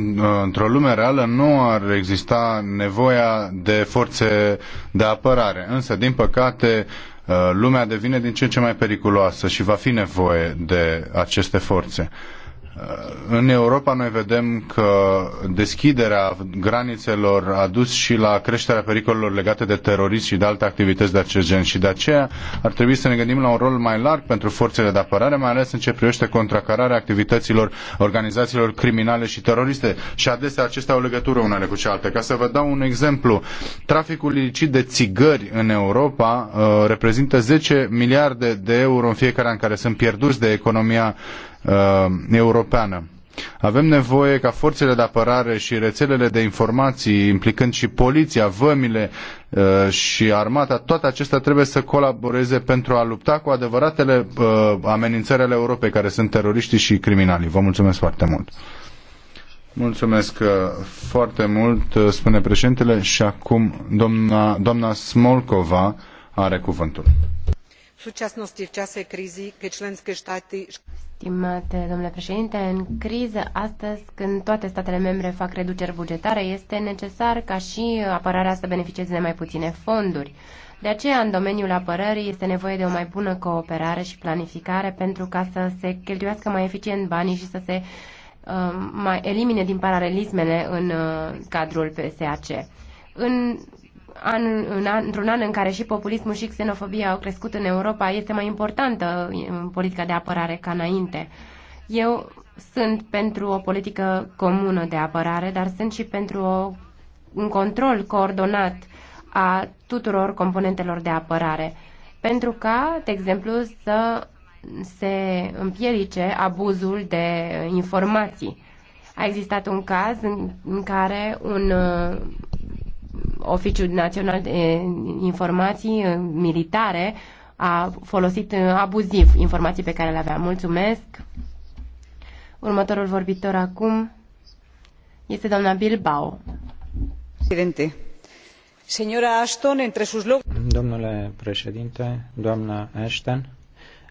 într-o lume reală nu ar exista nevoia de forțe de apărare, însă, din păcate, uh, lumea devine din ce în ce mai periculoasă și va fi nevoie de aceste forțe. Uh, în Europa noi vedem că deschiderea granițelor a dus și la creșterea pericolelor legate de terorism și de alte activități de acest gen și de aceea ar trebui să ne gândim la un rol mai larg pentru forțele de apărare, mai ales în ce privește contracararea activităților organizațiilor criminale și teroriste și adesea acestea au legătură unele cu cealaltă. Ca să vă dau un exemplu, traficul ilicit de țigări în Europa uh, reprezintă 10 miliarde de euro în fiecare an care sunt pierduți de economia uh, europeană. Avem nevoie ca forțele de apărare și rețelele de informații, implicând și poliția, vămile uh, și armata, toate acestea trebuie să colaboreze pentru a lupta cu adevăratele uh, amenințări ale Europei, care sunt teroriștii și criminalii. Vă mulțumesc foarte mult! Mulțumesc uh, foarte mult, spune președintele, și acum doamna, doamna Smolkova are cuvântul súčasnosti v čase krízy, keď členské štáty... Stimate domnule președinte, în criză astăzi, când toate statele membre fac reduceri bugetare, este necesar ca și apărarea să beneficieze de mai puține fonduri. De aceea, în domeniul apărării, este nevoie de o mai bună cooperare și planificare pentru ca să se cheltuiască mai eficient banii și să se uh, mai elimine din paralelismele în uh, cadrul PSAC. În an, în an, într-un an în care și populismul și xenofobia au crescut în Europa, este mai importantă în politica de apărare ca înainte. Eu sunt pentru o politică comună de apărare, dar sunt și pentru o, un control coordonat a tuturor componentelor de apărare. Pentru ca, de exemplu, să se împiedice abuzul de informații. A existat un caz în, în care un Oficiul Național de Informații eh, Militare a folosit eh, abuziv informații pe care le avea. Mulțumesc! Următorul vorbitor acum este doamna Bilbao. Presidente. Señora Ashton, entre sus Domnule președinte, doamna Ashton,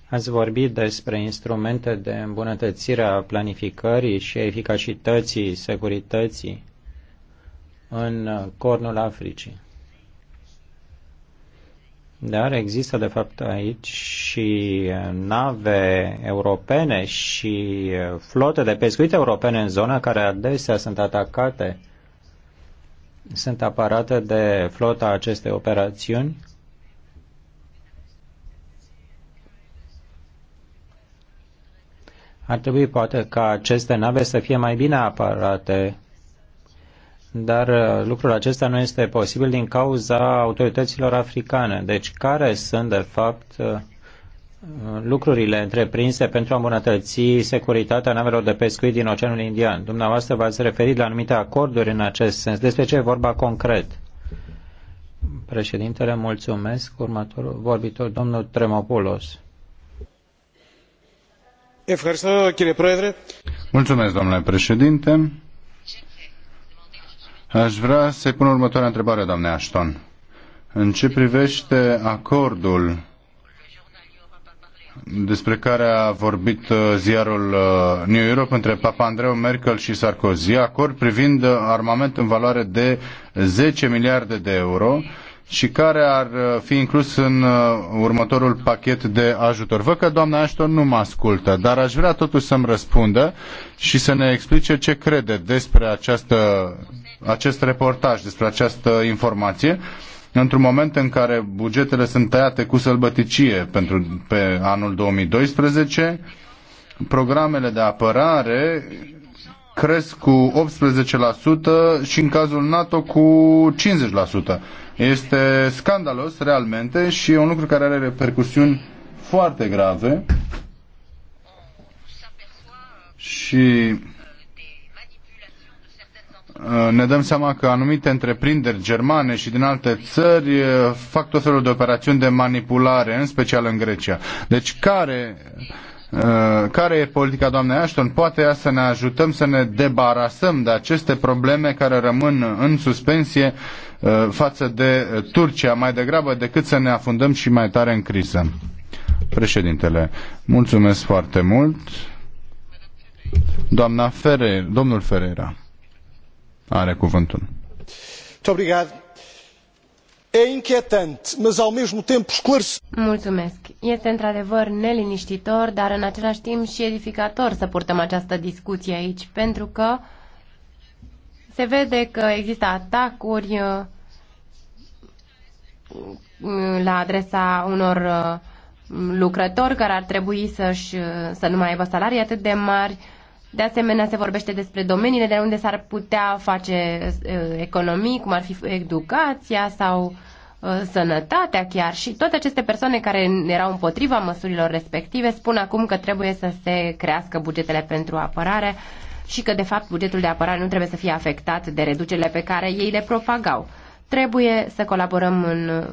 ați vorbit despre instrumente de îmbunătățire a planificării și eficacității securității în uh, cornul Africii. Dar există, de fapt, aici și uh, nave europene și uh, flote de pescuit europene în zona care adesea sunt atacate, sunt aparate de flota acestei operațiuni. Ar trebui poate ca aceste nave să fie mai bine aparate dar uh, lucrul acesta nu este posibil din cauza autorităților africane. Deci care sunt, de fapt, uh, lucrurile întreprinse pentru a îmbunătăți securitatea navelor de pescuit din Oceanul Indian? Dumneavoastră v-ați referit la anumite acorduri în acest sens. Despre ce e vorba concret? Președintele, mulțumesc. Următorul vorbitor, domnul Tremopoulos. Mulțumesc, domnule președinte Aș vrea să-i pun următoarea întrebare, doamne Ashton. În ce privește acordul despre care a vorbit uh, ziarul uh, New Europe între Papa Andreu Merkel și Sarkozy, acord privind uh, armament în valoare de 10 miliarde de euro și care ar fi inclus în următorul pachet de ajutor. Văd că doamna Ashton nu mă ascultă, dar aș vrea totuși să-mi răspundă și să ne explice ce crede despre această acest reportaj, despre această informație, într-un moment în care bugetele sunt tăiate cu sălbăticie pentru, pe anul 2012, programele de apărare cresc cu 18% și în cazul NATO cu 50%. Este scandalos realmente și e un lucru care are repercusiuni foarte grave și Eh, ne dăm seama că anumite întreprinderi germane și din alte țări eh, fac tot felul de operațiuni de manipulare, în special în Grecia. Deci care eh, care e politica doamnei Ashton? Poate ea să ne ajutăm să ne debarasăm de aceste probleme care rămân în suspensie față de Turcia mai degrabă decât să ne afundăm și mai tare în criză. Președintele, mulțumesc foarte mult. Doamna Ferreira, domnul Ferreira. Are cuvântul. Mulțumesc. Este într-adevăr neliniștitor, dar în același timp și edificator să purtăm această discuție aici, pentru că se vede că există atacuri uh, uh, la adresa unor uh, lucrători care ar trebui să-și, să nu mai aibă salarii atât de mari, de asemenea, se vorbește despre domeniile de unde s-ar putea face uh, economii, cum ar fi educația sau uh, sănătatea chiar și toate aceste persoane care erau împotriva măsurilor respective spun acum că trebuie să se crească bugetele pentru apărare și că de fapt bugetul de apărare nu trebuie să fie afectat de reducerile pe care ei le propagau. Trebuie să colaborăm în,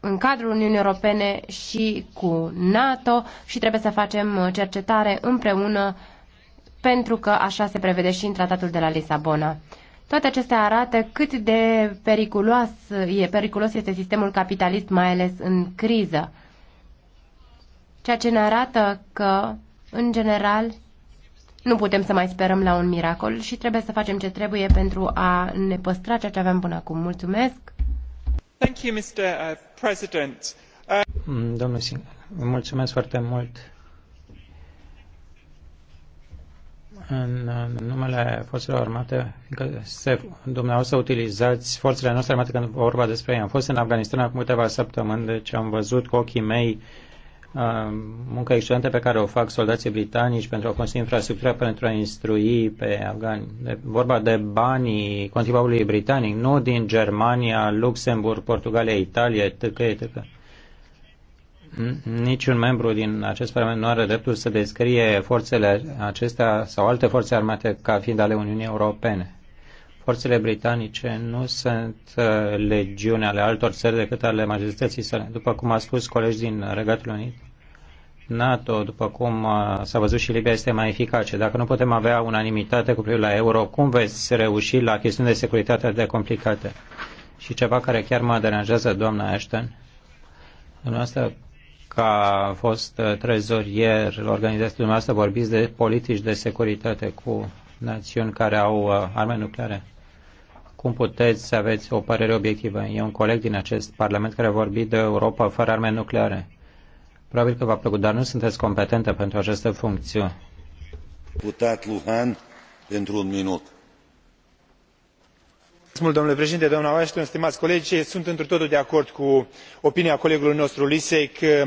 în cadrul Uniunii Europene și cu NATO și trebuie să facem uh, cercetare împreună pentru că așa se prevede și în tratatul de la Lisabona. Toate acestea arată cât de periculos, e, periculos este sistemul capitalist, mai ales în criză. Ceea ce ne arată că, în general, nu putem să mai sperăm la un miracol și trebuie să facem ce trebuie pentru a ne păstra ceea ce avem până acum. Mulțumesc! Thank you, Mr. Uh, President. Uh... Mm, domnul Singh, mulțumesc foarte mult în numele forțelor armate, fiindcă se, dumneavoastră utilizați forțele noastre armate când vorba despre ei. Am fost în Afganistan acum câteva săptămâni, deci am văzut cu ochii mei uh, munca excelentă pe care o fac soldații britanici pentru a construi infrastructura pentru a instrui pe afgani. De, vorba de banii contribuabilului britanic, nu din Germania, Luxemburg, Portugalia, Italia, etc. etc niciun membru din acest parlament nu are dreptul să descrie forțele acestea sau alte forțe armate ca fiind ale Uniunii Europene. Forțele britanice nu sunt uh, legiune ale altor țări decât ale majestății sale. După cum a spus colegi din Regatul Unit, NATO, după cum uh, s-a văzut și Libia, este mai eficace. Dacă nu putem avea unanimitate cu privire la euro, cum veți reuși la chestiuni de securitate de complicate? Și ceva care chiar mă deranjează, doamna Ashton, Dumneavoastră ca fost uh, trezorier la dumneavoastră, vorbiți de politici de securitate cu națiuni care au uh, arme nucleare. Cum puteți să aveți o părere obiectivă? E un coleg din acest parlament care a vorbit de Europa fără arme nucleare. Probabil că v-a plăcut, dar nu sunteți competentă pentru această funcție. Putat Luhan, pentru un minut președinte, colegi. sunt întru totul de acord cu opinia colegului nostru Lisei că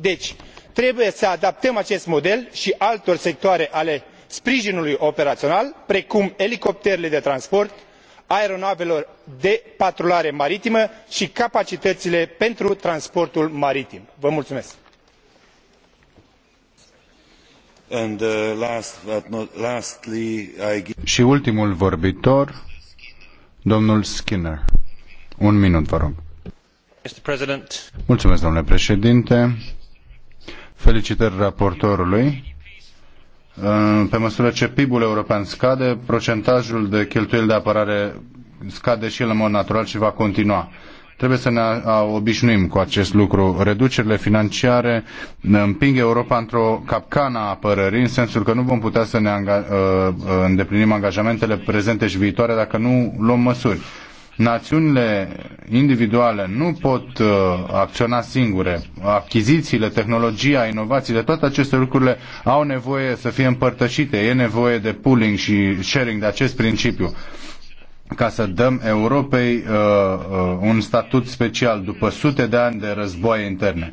deci trebuie să adaptăm acest model i altor sectoare ale sprijinului operaional precum elicopterele de transport aeronavelor de patrulare maritimă i capacităile pentru transportul maritim. Vă mulțumesc. Uh, I... Și ultimul vorbitor, domnul Skinner. Un minut, vă rog. Mulțumesc, domnule președinte Felicitări raportorului. Pe măsură ce PIB-ul european scade, procentajul de cheltuieli de apărare scade și el în mod natural și va continua. Trebuie să ne obișnuim cu acest lucru. Reducerile financiare împing Europa într-o capcană a apărării, în sensul că nu vom putea să ne uh, îndeplinim angajamentele prezente și viitoare dacă nu luăm măsuri națiunile individuale nu pot uh, acționa singure. Achizițiile, tehnologia, inovațiile, toate aceste lucruri au nevoie să fie împărtășite. E nevoie de pooling și sharing, de acest principiu ca să dăm Europei uh, uh, un statut special după sute de ani de războaie interne.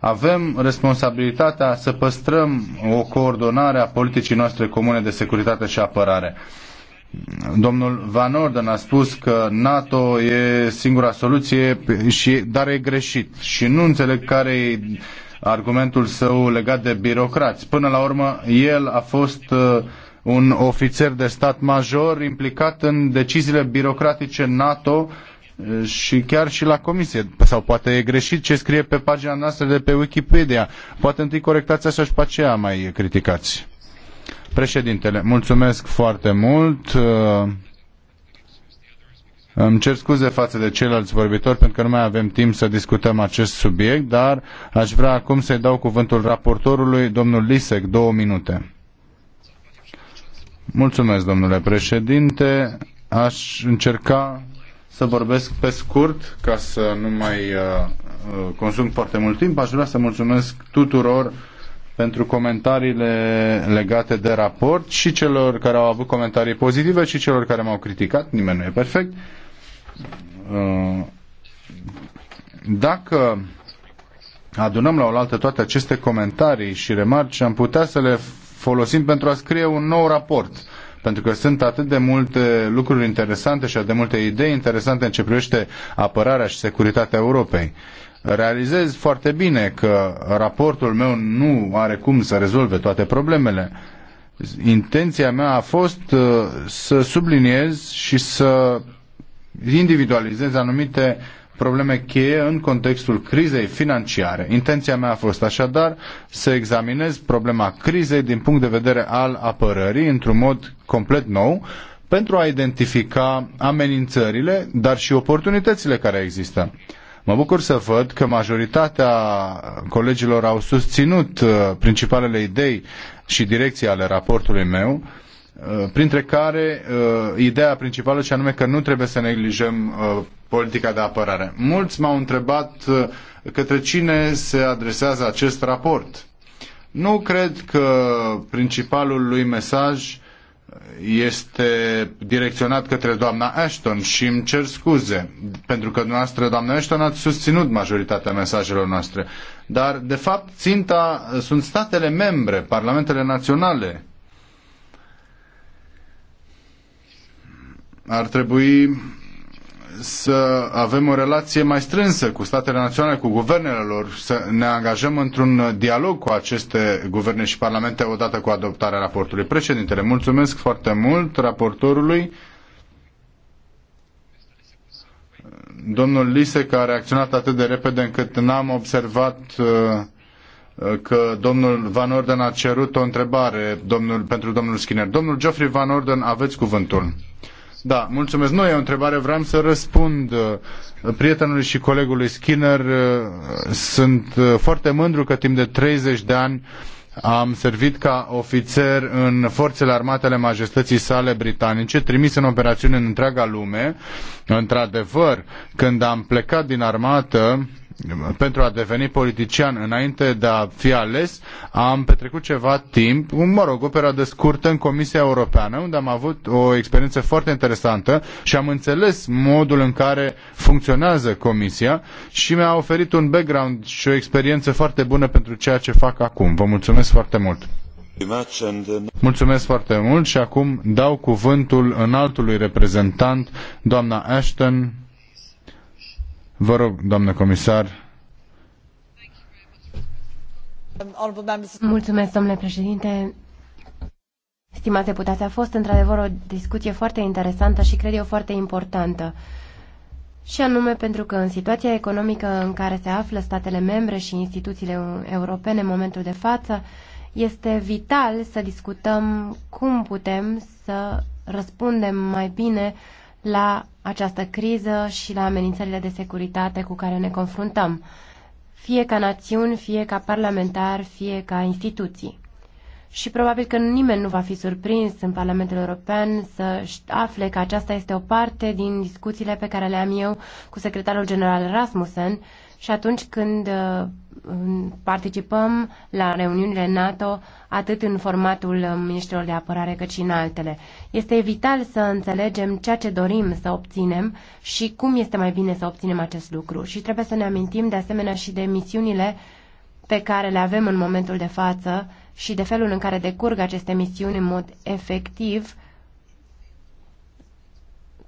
Avem responsabilitatea să păstrăm o coordonare a politicii noastre comune de securitate și apărare. Uh, Domnul Van Orden a spus că NATO e singura soluție, și, dar e greșit. Și nu înțeleg care e argumentul său legat de birocrați. Până la urmă, el a fost uh, un ofițer de stat major implicat în deciziile birocratice NATO uh, și chiar și la comisie. Sau poate e greșit ce scrie pe pagina noastră de pe Wikipedia. Poate întâi corectați așa și pe aceea mai criticați. Președintele, mulțumesc foarte mult. Uh, îmi cer scuze față de ceilalți vorbitori pentru că nu mai avem timp să discutăm acest subiect, dar aș vrea acum să-i dau cuvântul raportorului, domnul Lisek, două minute. Mulțumesc, domnule președinte. Aș încerca să vorbesc pe scurt ca să nu mai uh, uh, consum foarte mult timp. Aș vrea să mulțumesc tuturor pentru comentariile legate de raport și celor care au avut comentarii pozitive și celor care m-au criticat. Nimeni nu e perfect. Uh, dacă adunăm la oaltă toate aceste comentarii și remarci, am putea să le folosim pentru a scrie un nou raport. Pentru că sunt atât de multe lucruri interesante și atât de multe idei interesante în ce privește apărarea și securitatea Europei realizez foarte bine că raportul meu nu are cum să rezolve toate problemele. Intenția mea a fost uh, să subliniez și să individualizez anumite probleme cheie în contextul crizei financiare. Intenția mea a fost așadar să examinez problema crizei din punct de vedere al apărării într-un mod complet nou pentru a identifica amenințările, dar și oportunitățile care există. Mă bucur să văd că majoritatea colegilor au susținut uh, principalele idei și direcții ale raportului meu, uh, printre care uh, ideea principală și anume că nu trebuie să neglijăm politica de apărare. Mulți m-au întrebat către cine se adresează acest raport. Nu cred că principalul lui mesaj este direcționat către doamna Ashton și îmi cer scuze, pentru că dumneavoastră, doamna Ashton, ați susținut majoritatea mesajelor noastre. Dar, de fapt, ținta sunt statele membre, parlamentele naționale. Ar trebui să avem o relație mai strânsă cu statele naționale, cu guvernele lor, să ne angajăm într-un dialog cu aceste guverne și parlamente odată cu adoptarea raportului. Președintele, mulțumesc foarte mult raportorului. Domnul Lise, care a reacționat atât de repede încât n-am observat uh, că domnul Van Orden a cerut o întrebare domnul, pentru domnul Skinner. Domnul Geoffrey Van Orden, aveți cuvântul. Da, mulțumesc. Noi, o întrebare, vreau să răspund uh, prietenului și colegului Skinner. Uh, sunt uh, foarte mândru că timp de 30 de ani am servit ca ofițer în forțele armate ale majestății sale britanice, trimis în operațiuni în întreaga lume. Într-adevăr, când am plecat din armată, pentru a deveni politician înainte de a fi ales, am petrecut ceva timp, mă rog, o perioadă scurtă în Comisia Europeană, unde am avut o experiență foarte interesantă și am înțeles modul în care funcționează Comisia și mi-a oferit un background și o experiență foarte bună pentru ceea ce fac acum. Vă mulțumesc foarte mult! Mulțumesc foarte mult și acum dau cuvântul înaltului reprezentant, doamna Ashton, Vă rog, doamnă comisar. Mulțumesc, domnule președinte. Stimați deputați, a fost într-adevăr o discuție foarte interesantă și cred eu foarte importantă. Și anume pentru că în situația economică în care se află statele membre și instituțiile europene în momentul de față, este vital să discutăm cum putem să răspundem mai bine la această criză și la amenințările de securitate cu care ne confruntăm, fie ca națiuni, fie ca parlamentari, fie ca instituții. Și probabil că nimeni nu va fi surprins în Parlamentul European să afle că aceasta este o parte din discuțiile pe care le am eu cu secretarul general Rasmussen și atunci când uh, participăm la reuniunile NATO atât în formatul uh, ministrilor de apărare cât și în altele. Este vital să înțelegem ceea ce dorim să obținem și cum este mai bine să obținem acest lucru. Și trebuie să ne amintim de asemenea și de misiunile pe care le avem în momentul de față și de felul în care decurg aceste misiuni în mod efectiv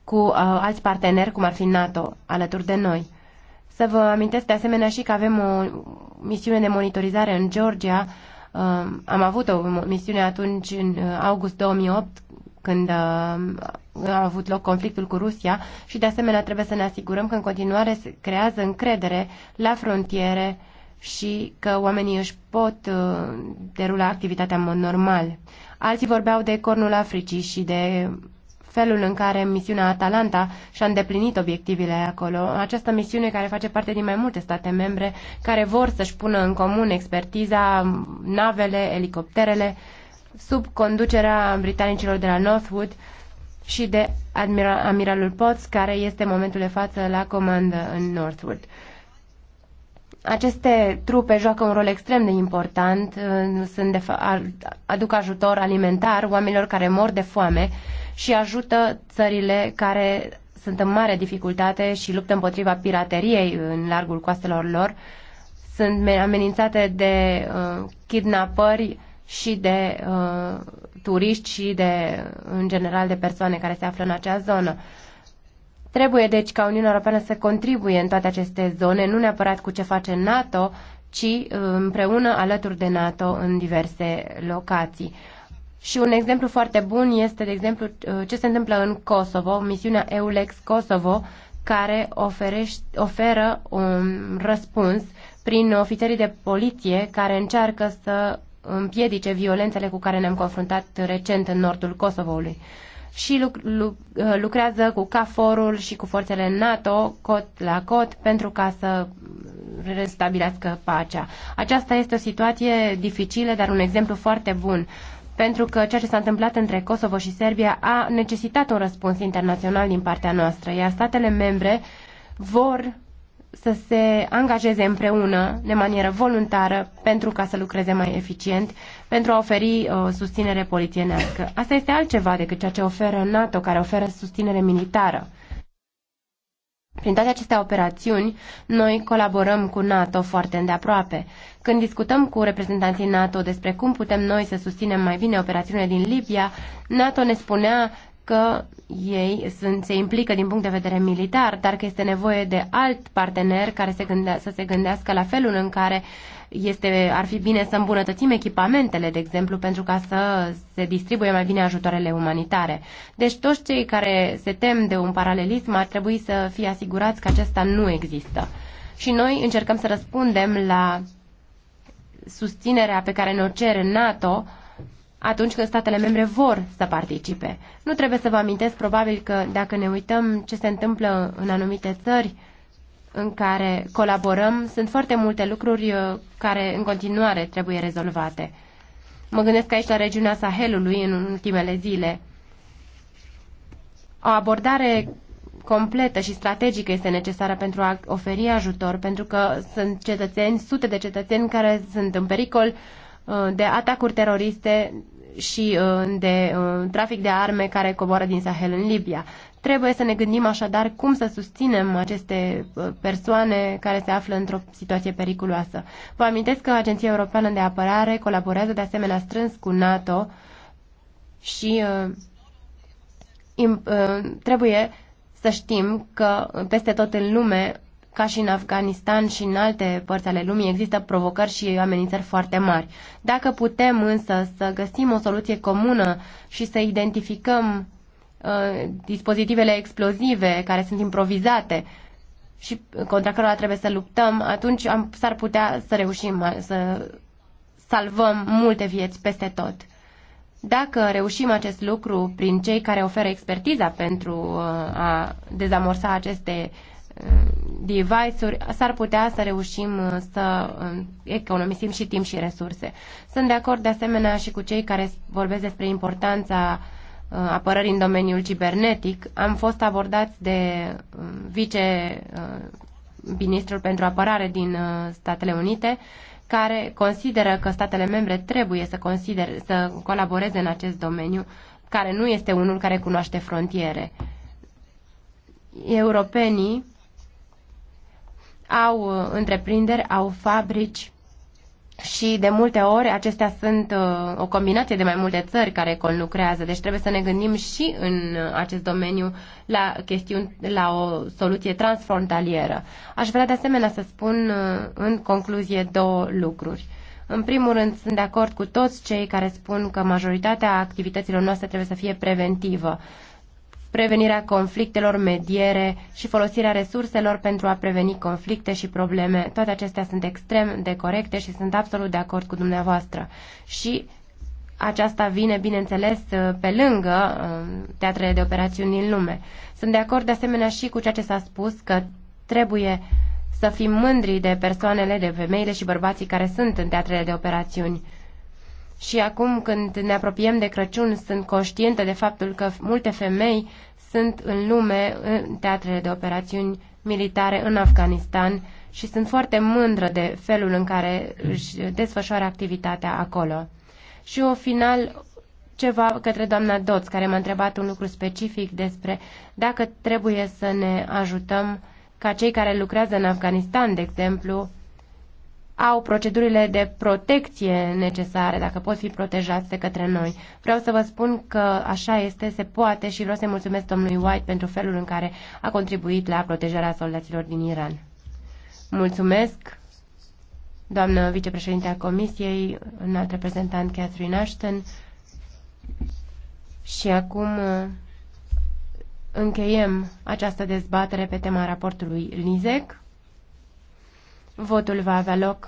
cu uh, alți parteneri, cum ar fi NATO, alături de noi. Să vă amintesc de asemenea și că avem o misiune de monitorizare în Georgia. Um, am avut o misiune atunci în uh, august 2008 când uh, a avut loc conflictul cu Rusia și de asemenea trebuie să ne asigurăm că în continuare se creează încredere la frontiere și că oamenii își pot uh, derula activitatea în mod normal. Alții vorbeau de cornul Africii și de felul în care misiunea Atalanta și-a îndeplinit obiectivele acolo. Această misiune care face parte din mai multe state membre care vor să-și pună în comun expertiza, navele, elicopterele, sub conducerea britanicilor de la Northwood și de admiralul Potts, care este în momentul de față la comandă în Northwood. Aceste trupe joacă un rol extrem de important, uh, sunt de aduc ajutor alimentar oamenilor care mor de foame și ajută țările care sunt în mare dificultate și luptă împotriva pirateriei în largul coastelor lor, sunt amenințate de uh, kidnapări și de uh, turiști și de, în general, de persoane care se află în acea zonă. Uh, Trebuie deci ca Uniunea Europeană să contribuie în toate aceste zone, nu neapărat cu ce face NATO, ci uh, împreună alături de NATO în diverse locații. Și un exemplu foarte bun este, de exemplu, uh, ce se întâmplă în Kosovo, misiunea EULEX Kosovo, care oferește, oferă un răspuns prin ofițerii de poliție care încearcă să împiedice violențele cu care ne-am confruntat recent în nordul Kosovoului și uh, lucrează cu CAFOR-ul și cu forțele NATO cot la cot pentru ca să restabilească pacea. Aceasta este o situație dificilă, dar un exemplu foarte bun pentru că ceea ce s-a întâmplat între Kosovo și Serbia a necesitat un răspuns internațional din partea noastră, iar statele membre vor să se angajeze împreună de manieră voluntară pentru ca să lucreze mai eficient, pentru a oferi o uh, susținere polițienească. Asta este altceva decât ceea ce oferă NATO, care oferă susținere militară. Prin toate aceste operațiuni, noi colaborăm cu NATO foarte îndeaproape. Când discutăm cu reprezentanții NATO despre cum putem noi să susținem mai bine operațiunile din Libia, NATO ne spunea că ei sunt, se implică din punct de vedere militar, dar că este nevoie de alt partener care se gândea, să se gândească la felul în care este, ar fi bine să îmbunătățim echipamentele, de exemplu, pentru ca să se distribuie mai bine ajutoarele umanitare. Deci toți cei care se tem de un paralelism ar trebui să fie asigurați că acesta nu există. Și noi încercăm să răspundem la susținerea pe care ne-o cere NATO uh, atunci când statele membre vor să participe. Nu trebuie să vă amintesc probabil că dacă ne uităm ce se întâmplă în anumite țări în care colaborăm, sunt foarte multe lucruri uh, care în continuare trebuie rezolvate. Mă gândesc aici la regiunea Sahelului în ultimele zile. O abordare completă și strategică este necesară pentru a oferi ajutor, pentru că sunt cetățeni, sute de cetățeni care sunt în pericol Uh, de atacuri teroriste și uh, de uh, trafic de arme care coboară din Sahel în Libia. Trebuie să ne gândim așadar cum să susținem aceste persoane care se află într-o situație periculoasă. Vă amintesc că Agenția Europeană de Apărare colaborează de asemenea strâns cu NATO și trebuie să știm că peste tot în lume ca și în Afganistan și în alte părți ale lumii, există provocări și amenințări foarte mari. Dacă putem însă să găsim o soluție comună și să identificăm uh, dispozitivele explozive care sunt improvizate, și contra cărora trebuie să luptăm, atunci am, s-ar putea să reușim să salvăm multe vieți peste tot. Dacă reușim acest lucru prin cei care oferă expertiza pentru uh, a dezamorsa aceste device-uri, s-ar putea să reușim uh, să uh, economisim și timp și resurse. Sunt de acord de asemenea și cu cei care vorbesc despre importanța uh, apărării în domeniul cibernetic. Am fost abordați de vice ministrul pentru apărare din Statele Unite care consideră că statele membre trebuie să, consider, să colaboreze în acest domeniu, care nu este unul care cunoaște frontiere. Europenii au uh, întreprinderi, au fabrici și de multe ori acestea sunt uh, o combinație de mai multe țări care conlucrează, deci trebuie să ne gândim și în uh, acest domeniu la, chestiuni, la o soluție transfrontalieră. Aș vrea de asemenea să spun în concluzie două lucruri. În primul rând, sunt de acord cu toți cei care spun că majoritatea activităților noastre trebuie să fie preventivă prevenirea conflictelor, mediere și folosirea resurselor pentru a preveni conflicte și probleme. Toate acestea sunt extrem de corecte și sunt absolut de acord cu dumneavoastră. Și aceasta vine, bineînțeles, pe lângă um, teatrele de operațiuni în lume. Sunt de acord de asemenea și cu ceea ce s-a spus că trebuie să fim mândri de persoanele, de femeile și bărbații care sunt în teatrele de operațiuni și acum când ne apropiem de Crăciun, sunt conștientă de faptul că multe femei sunt în lume, în teatrele de operațiuni militare în Afganistan și sunt foarte mândră de felul în care își desfășoară activitatea acolo. Și o final, ceva către doamna Doț, care m-a întrebat un lucru specific despre dacă trebuie să ne ajutăm ca cei care lucrează în Afganistan, de exemplu, au procedurile de protecție necesare, dacă pot fi protejați de către noi. Vreau să vă spun că așa este, se poate și vreau să-i mulțumesc domnului White pentru felul în care a contribuit la protejarea soldaților din Iran. Mulțumesc, doamnă vicepreședinte a Comisiei, alt reprezentant Catherine Ashton. Și acum uh, încheiem această dezbatere pe tema raportului LISEC. Votul va avea loc